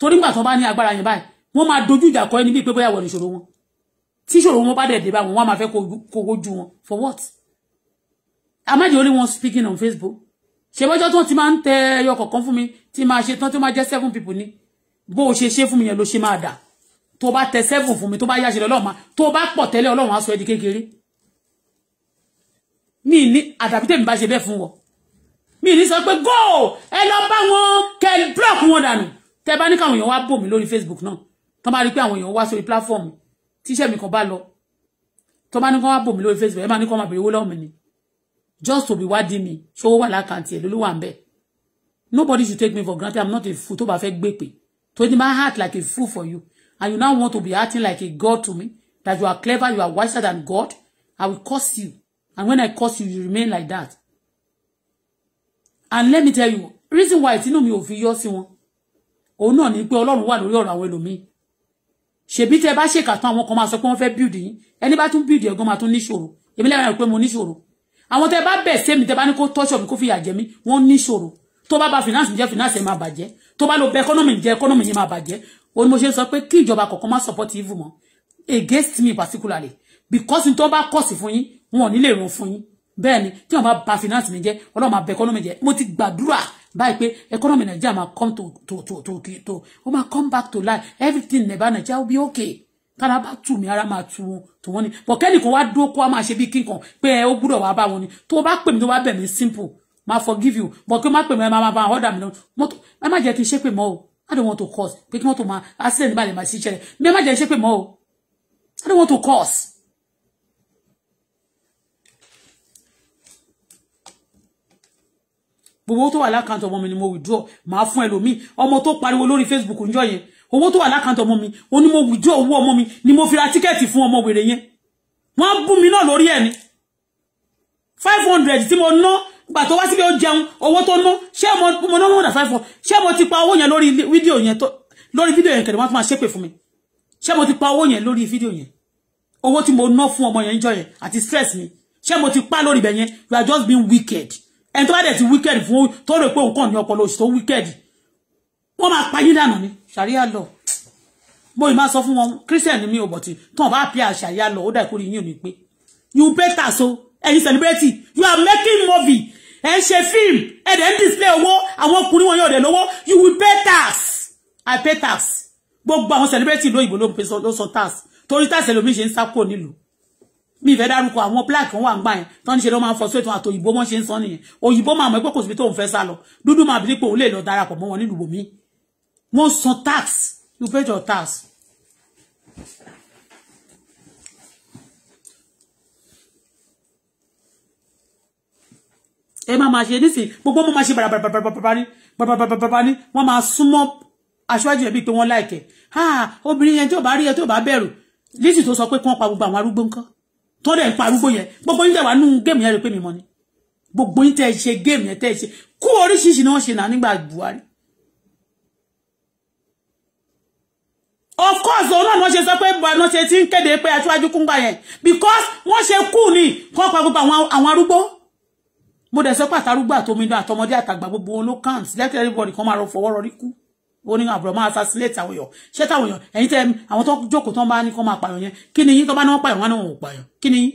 torí gbà tó bá ní agbára yẹn báyìí wọ́n máa dojú ìjà kọ ẹni bíi pé bóyá wọ̀ níṣòro wọn tí ìṣòro wọn bá dẹ̀ dé bá wọn wọ́n máa fẹ́ kó wojú wọn for what am I the only one speaking on Facebook ṣèbọ́jọ́ tó ti máa ń tẹ ẹyọ kọ̀ọ̀kan fún mi tí máa ṣe tán tó máa jẹ́ seven people ni bó o ṣe ṣe fún mi yẹn ló ṣe máa dà tó bá tẹ seven fún mi tó bá yáṣẹ lọ́lọ́run tó bá pọ̀ tẹ́lẹ̀ ọlọ́run á sọ ẹ́ di kékeré mi ní àdàbí tèmi bá ṣe bẹ́ẹ̀ fún wọn mi ní sọ pé go ẹ lọ bá wọn kẹ block wọn dànù tẹ bá ní káwọn èèyàn wá bò mí lórí Facebook náà tọ́ bá rí pé àwọn èèyàn wá sórí platform tíṣẹ́ mi kan bá lọ tọ́ bá ní kán wá bò mí lórí Facebook ẹ bá ní kán máa bèrè owó lọ́wọ́ mi ni just to be wádìí mi ṣówó wà lákàntì ẹ̀ lólúwà ń bẹ̀ nobody should take me for granted i'm not a fool tó bá fẹ́ gbé pè tó my heart like a fool for you and you now want to be acting like a god to me that you are clever you are wiser than god i will curse you and when i curse you you remain like that and let me tell you reason why tínú mi ò fi yọ sí wọn òun náà ni pé ọlọ́run wà lórí ọ̀rọ̀ àwọn ẹlòmíì ṣèbí tẹ bá ṣèkà tán àwọn kan máa sọ pé wọ́n fẹ́ build yín ẹni bá tún build ẹ̀gbọ́n máa tún níṣòro èmi lẹ́yìn pé mo níṣòro àwọn tẹ be bẹ̀ sẹ́mi tẹ bá ní kó touch up. kó fi yà jẹ mí wọ́n níṣòro tó bá ba finance mi finance ẹ̀ máa bàjẹ́ To bá lo bẹ economy mi jẹ́ economy yẹn máa bàjẹ́ ó ní mo ṣe sọ pé kí ìjọba kọ̀ọ̀kan má support evil mọ́ against me particularly because n tó bá kọ̀sì fún yín wọn ò ní lè ràn fún bẹ́ẹ̀ ni tí wọ́n bá ba finance mi jẹ́ ọlọ́run máa ba economy jẹ́ mo ti gbàdúrà báyìí pé economy Nigeria máa come to to to to to ó máa come back to life everything neba Nigeria will be okay tára bá tù mí ara máa tu wọn tó wọn ni bọ̀kẹ́nì kan wá dúró kó a máa ṣe bí kíkan pé ẹ ó gbúdọ̀ wá bá wọn ni tó o bá pè mí tó o bá bẹ̀ mí simple máa forgive you But kí o má pè mí ẹ máa bá wọn ọ̀dà mi lọ mọ́tò ẹ má jẹ́ kí n ṣépè mọ́ o I don't want to cause pé kí mọ́tò máa accident bá lè máa ṣiṣẹ́ rẹ̀ mi ẹ má jẹ́ ṣépè mọ́ o I don't want to cause. gbogbo tó wà lákàntì ọmọ mi ni mo withdraw màá fún ẹlòmíì ọmọ tó pariwo lórí Facebook ńjọ́ yẹn owó tó wà lákàntì ọmọ mi ó ní mo withdraw owó ọmọ mi ni mo fi ra tíkẹ́ẹ̀tì fún ọmọ wèrè yẹn wọ́n bú mi náà lórí ẹ̀ ni five hundred tí mo ná gbà tó wá síbi ó jẹun owó tó ná ṣé mo ná one hundred five hundred ṣé mo ti pa owó yẹn lórí fídíò yẹn tó lórí fídíò yẹn kẹ̀lé wọ́n tún máa ṣépè fún mi ṣé mo ti pa owó yẹn lórí fídíò yẹn owó tí mo ná fún ọmọ yẹn ń jọ yẹn àti stress mi ṣé mo ti pa lórí ibẹ̀ yẹn you are just being wicked ẹni tó bá dẹ̀ ti wicked fún tó rò pé òun kàn ní ọpọlọ òsì tó wicked wọ́n máa pa yín dànù ni ṣàríà lọ bóyá máa sọ fún wọn christian ni mi ò bọ̀tì ba bá sharia àṣàríà lọ ó dà ìkórè yín ò ní pé you better so ẹ̀yin celebrity you are making movie ẹ̀ she ṣe film ẹ̀ dẹ̀ ń display owó àwọn kuri wọn yóò dẹ̀ lówó you will pay tax I pay tax gbogbo àwọn celebrity lóyìnbó ló ń pe ló sọ tax torí tax ẹlòmíì ṣe ń sá kúrò nílùú mi ìfẹ́ dárúkọ àwọn black wọn wà ń gbà yẹn tó ń ṣe ló máa ń fọ sí ètò àti òyìnbó mọ́ ṣe ń sọ nìyẹn òyìnbó máa mọ̀ pé kò síbi tó ń fẹ́ sá lọ dúdú máa bí pé òun lè lọ darapọ̀ mọ́ wọn nílùú bòmí wọ́n san tax you pay your tax. ẹ máa máa ṣe nísìnyí gbogbo ọmọ máa ṣe bàràbàràbàràbàrà ní bàràbàràbàrà ní wọ́n máa súnmọ́ aṣáájú ẹbí pé wọ́n láìkẹ́ obìnrin yẹn tó bá rí ẹ tó bá bẹ̀rù lísì tó sọ pé kí wọ́n pa gbogbo àwọn arúgbó nǹkan tó dẹ̀ ń pa arúgbó yẹn gbogbo yín dẹ̀ wà nínú géèmù yẹn rí pé mi mọ́ ni gbogbo yín tẹ́ ẹ ṣe géèmù yẹn tẹ́ ẹ ṣe kú oríṣiríṣi ni wọ́n ṣe náà nígbà Buhari. of course òun náà ni wọ́n ṣe sọ pé wọ́n ṣe ti ń kéde pé aṣáájú kúngbà yẹn because wọ́n ṣe kú ni kọ́ pa gbogbo àwọn arúgbó mo dẹ̀ sọ pé àtàrúgbà àtọmọdé àtàgbà gbogbo wọn ló count let everybody kan máa rọ fọwọ́ rọrí cool? ó ní àbúrò máa assassinate àwọn èèyàn ṣé táwọn èèyàn ẹ̀yin tẹ́ àwọn tó jókòó tán bá ní kán máa pààyàn yẹn kí ni yín tó bá ní wọ́n pààyàn wọn náà wọn ò pààyàn kí ni yín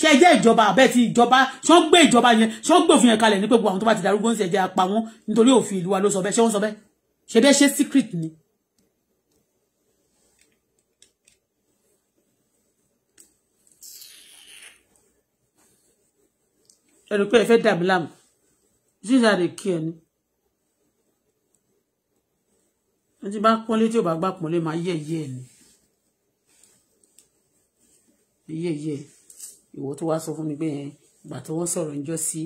ṣe jẹ́ ìjọba àbẹ́ ti ìjọba ṣé wọ́n gbé ìjọba yẹn ṣé wọ́n gbé òfin yẹn kalẹ̀ ní pé gbogbo àwọn tó bá ti darúgbó ń ṣe ẹ̀jẹ̀ apá wọn nítorí òfin ìlú wa ló sọ bẹ́ẹ̀ ṣé wọ́n sọ bẹ́ẹ̀ ṣe bẹ́ẹ̀ ṣe secret ni ẹnu pé ẹ fẹ́ dàbí láàmú ṣíṣàdè kí ẹni wọ́n ti bá pọ́nlé tí ò bá gbà pọ́nlé máa yẹ̀ yẹ̀ ni yẹ̀ yẹ̀ ìwọ tó wá sọ fún mi pé yẹn ìgbà tó wọ́n sọ̀rọ̀ níjọ́ sí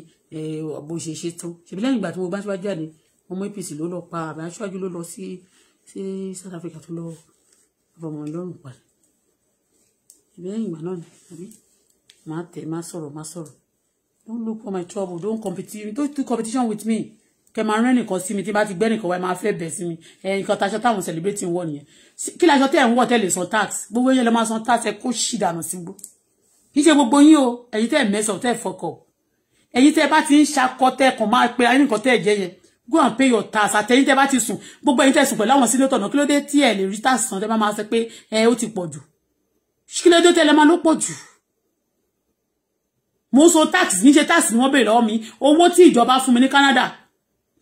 bó ṣe ṣe tó ṣèbí lẹ́yìn ìgbà tó wọ́n bá ṣíwájú àní ọmọ APC ló lọ pa àbí aṣáájú ló lọ sí sí South Africa tó lọ ọmọ Ọlọ́run pa ṣèbí lẹ́yìn ìgbà náà àbí máa tẹ̀ máa sọ̀rọ̀ máa sọ̀rọ̀ don't look for my trouble don't compete don't do competition with me kẹ máa rán nìkan sí mi tí bá ti gbẹ́ nìkan wá ẹ máa fẹ́ bẹ̀ sí mi ẹ̀yìn kan taṣọ táwọn celebrate ń wọ̀ nìyẹn kí laṣọ tẹ̀ ń wọ̀ tẹ̀ san tax gbogbo yẹn lọ máa san tax ẹ kó ṣì dànù sí gbó kì í ṣe gbogbo yín o ẹ̀yin tẹ̀ mẹ́sàn tẹ̀ fọkọ̀ ẹ̀yin tẹ̀ bá ti ń ṣakọ tẹ̀ kàn máa pe ayé nìkan tẹ̀ jẹ́ yẹn go and pay your tax àtẹ̀yin tẹ̀ bá ti sùn gbogbo ẹ̀yin tẹ̀ sùn pẹ̀lú àwọn sínétọ̀ náà kí ló dé tí ẹ̀ lè rí tax san tẹ̀ bá máa sọ pé ẹ ó mo so tax níṣe tax ni wọ́n béèrè lọ́wọ́ mi owó tí ìjọba fún mi ní Canada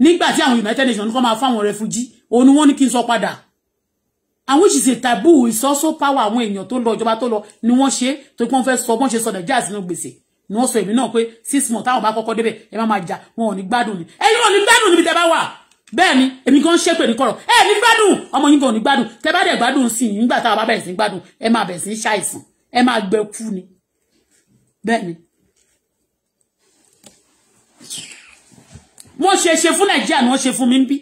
nígbà tí àwọn United Nations kọ́ máa fáwọn refugee òun ni wọ́n ní kí n sọ padà àwọn ìṣìṣẹ́ taboo ìsọ́sọ́ power àwọn èèyàn tó lọ ìjọba tó lọ ni wọ́n ṣe tó kí wọ́n fẹ́ sọ bọ́n ṣe sọ nàìjíríà sínú gbèsè ni wọ́n sọ èmi náà pé six months táwọn bá kọ́kọ́ débẹ̀ ẹ má máa jà wọn ò ní gbádùn ni ẹ̀yin ò ní gbádùn níbi tẹ́ bá wà bẹ́ẹ̀ ni èmi kan ṣépè ní kọ̀rọ̀ ẹ ní gbádùn ọmọ yín kan ò ní gbádùn tẹ́ bá dẹ̀ gbádùn sí i nígbà táwọn bá bẹ̀rẹ̀ sí gbádùn ẹ máa bẹ̀rẹ̀ sí ṣàìsàn ẹ máa gbẹ kú ni bẹ́ẹ̀ ni wọ́n ṣe ṣe fún nàìjíríà ni wọ́n ṣe fún mi ń bí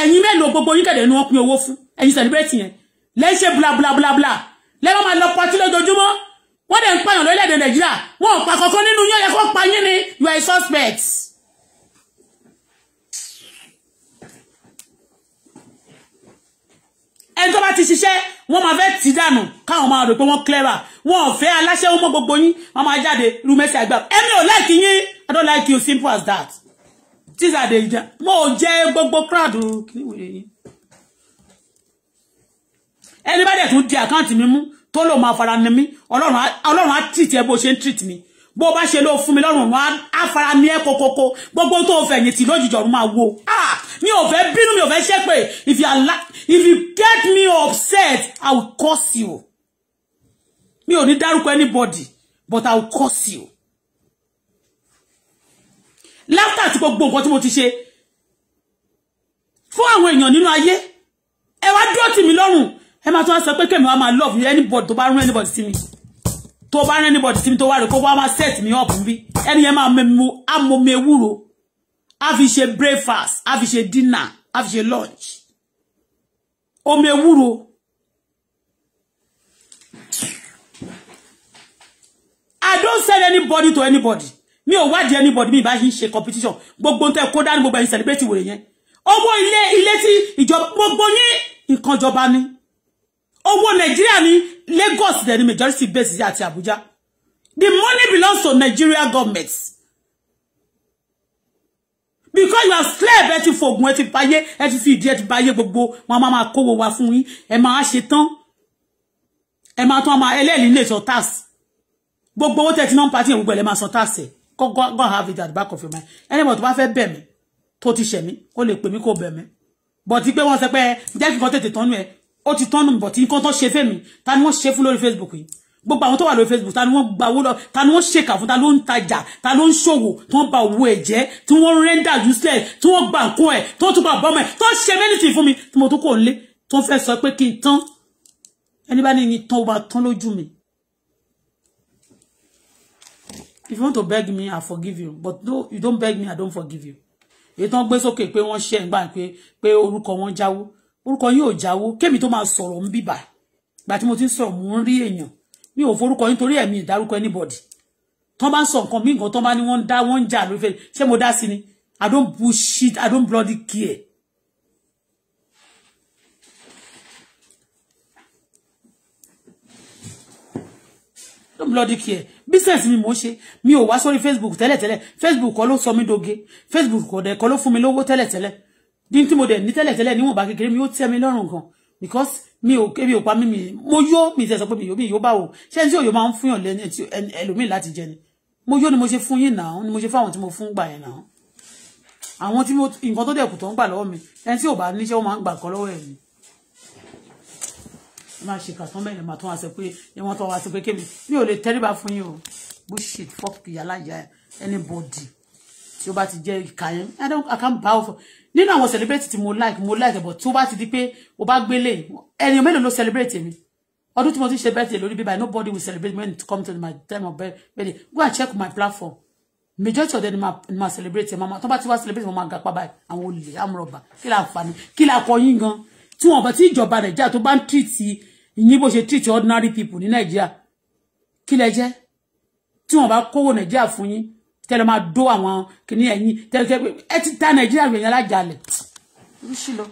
ẹ̀yin mélòó gbogbo yín kẹ̀dẹ̀ ni wọ́n pín owó fún ẹ̀yin sẹ̀lẹ́bẹ̀tì yẹn lẹ́ṣẹ̀ bla bla bla bla lẹ́wọ́n máa lọ pọtí lójoojúmọ́ wọ́n dẹ̀ ń pààyàn lórílẹ̀‐èdè nàìjíríà wọn ò pa kankan nínú yín ọ̀yẹ́ kó pa yín ni you are a suspect. ẹni tó bá ti ṣiṣẹ́ wọ́n máa fẹ́ tì dànù káwọn máa rò pé wọ́n clever wọn ò fẹ́ aláṣẹ́wó mọ́ gbogbo yín wọ́n máa jáde rúmẹ́sì àgbà ẹ̀mí ò láìkí yín I don't like you simple as that tíṣà dè jà mo jẹ́ gbogbo crowd kìnìwèrè yìí ẹni bá dẹ̀ tún di àkáǹtì mi mú tó lò máa fara ni mí ọlọ́run á treat ẹ bó ṣe ń treat mi bó bá ṣe ló fún mi lọ́rùn wọn á fara ní ẹ kokoko gbogbo tó fẹ̀yìn tì lójijì ọ̀run máa wo ah! mi ò fẹ́ bínú mi ò fẹ́ ṣe pé if you if you get me upset i will curse you mi ò ní dárúkọ anybody but i will curse you láfíà tí gbogbo nǹkan tí mo ti ṣe fún àwọn èèyàn nínú ayé ẹ wá dúró tì mí lọ́rùn ẹ máa tún wá sọ pé kẹ́mi wá máa love you anybody tó bá rún anybody sí mi tó bá rún anybody sí mi tó wá rè kó wá máa set mi up bí ẹni yẹn máa mẹ́mu amọ̀mọ ewúro a fi ṣe breakfast a fi ṣe dinner a fi ṣe lunch omi ewúro I don't sell anybody to anybody mi ò wádìí anybody mi bá yín ṣe competition gbogbo tẹ kó dání gbogbo ẹ̀yin celebrate wèrè yẹn owó ilé ilé tí ìjọba gbogbo yín nǹkan jọba ni owó Nàìjíríà ni Lagos dẹ̀ ni majority base àti Abuja the money belongs to Nigeria government because you are slave ẹ ti fògùn ẹ ti payé ẹ ti fi ìdí ẹ ti payé gbogbo wọn máa máa kówó wa fún yín ẹ máa ṣe tán ẹ máa tán ọmọ ẹlẹ́ẹ̀lì lè sọ tax gbogbo owó tẹ̀ tí náà ń pa gbogbo ẹ̀ lẹ́ máa tax ẹ̀ go go go have it at the back of your mind anybody tó bá fẹ́ bẹ̀ mí tó ti ṣẹ̀ mí ó lè pè mí kó bẹ̀ mí but pé wọ́n ṣe pé jẹ́ kí nǹkan tètè tọ́nu ẹ̀ ó ti tọ́nu but nǹkan tó ṣe fẹ́mi ta ni wọ́n ṣe fún lórí Facebook yìí gbogbo àwọn tó wà lórí Facebook ta ni wọ́n gba owó lọ ta ni wọ́n ṣèkà fún ta ló ń tajà ta ló ń ṣòwò ba owó ẹ̀ jẹ́ tí wọ́n render useless tí wọ́n gba nǹkan ẹ̀ tó tún gba bọ́mọ ẹ̀ tó ṣe mẹ́lìtì fún mi tí mo tún kò lé tó ń fẹ́ sọ pé kí n tán ẹni bá ní ní mi if you want to beg me i forgive you but no, you don't beg me i don't forgive you èyí tó ń gbé sókè pé wọ́n ṣe ìgbà pé pé orúkọ wọn jáwó orúkọ yóò jáwó kémi tó máa sọ̀rọ̀ ń bíbà ìgbà tí mo ti ń sọ̀rọ̀ mò ń rí èèyàn mi ò forúkọ yín torí ẹ̀mí ìdárúkọ anybody tán bá ń sọ nǹkan mí nǹkan tán bá ní wọ́n ń dá wọ́n ń jà lórí fẹ́ ṣé mo dá sí ni i don't bullshit i don't bloody care don't bloody care business mi mò ń ṣe mi ò wá sórí facebook tẹ́lẹ̀tẹ́lẹ̀ facebook kọ́ ló sọ mí doge facebook kọ́ dẹ̀ kọ́ ló fún mi lówó tẹ́lẹ̀tẹ́lẹ̀ ní tí mo tele, ní tẹ́lẹ̀tẹ́lẹ̀ níwọ̀nba kékeré mi ó tẹ́ mi lọ́rùn gan because mi ò kébi òpa mi mo yó mi tẹ̀ sọ pé mi yó mi yó báwo ṣé tí òyò máa ń fún yàn lẹ́ni ẹlòmíì láti jẹ ni mo yó ni mo ṣe fún yín náà ni mo ṣe fún àwọn tí mo fún gbà yẹn náà àwọn tí mo nǹkan tó dẹ̀ kù tó ń gbà lọ́wọ́ mi ẹni tí ò bá níṣẹ́ ó máa ń gbà kan lọ́wọ́ ẹ̀ ni máa ṣe kà sọ́mọ́ ẹ̀yẹ̀ máa tún wá sọ pé ẹ̀wọ̀n tó wá sọ pé kémi mi ò lè tẹríba fún yín o bullshit fọ́ọ̀kì aláya anybody tí ó bá ti jẹ́ ìka yẹn i don't i can't bow for nínú àwọn celebrate tí mo like mo like but tó bá ti di pé o bá gbélé ènìyàn mélòó ló celebrate mi ọdún tí mo ti ṣe birthday lórí bíbá nobody will celebrate when it come to my time of birthday go and check my platform majority of them ni ma celebrate mama tó bá ti wá celebrate mama gapa báyìí àwọn olè amúrọ̀bà kí la àǹfààní kí la kọ yín gan tí wọn bá ti ìjọba nàìjíríà tó bá ń tìrìtì ìyín bó ṣe treat ordinary people ní nàìjíríà kí lẹ jẹ́ tí wọ́n bá kówó nàìjíríà fún yín tẹ́lẹ̀ máa dó àwọn kìnìyàn yín tẹ́lẹ̀ ẹ ti ta nàìjíríà gbẹ̀yìn alájàlẹ̀ oríṣi lọ.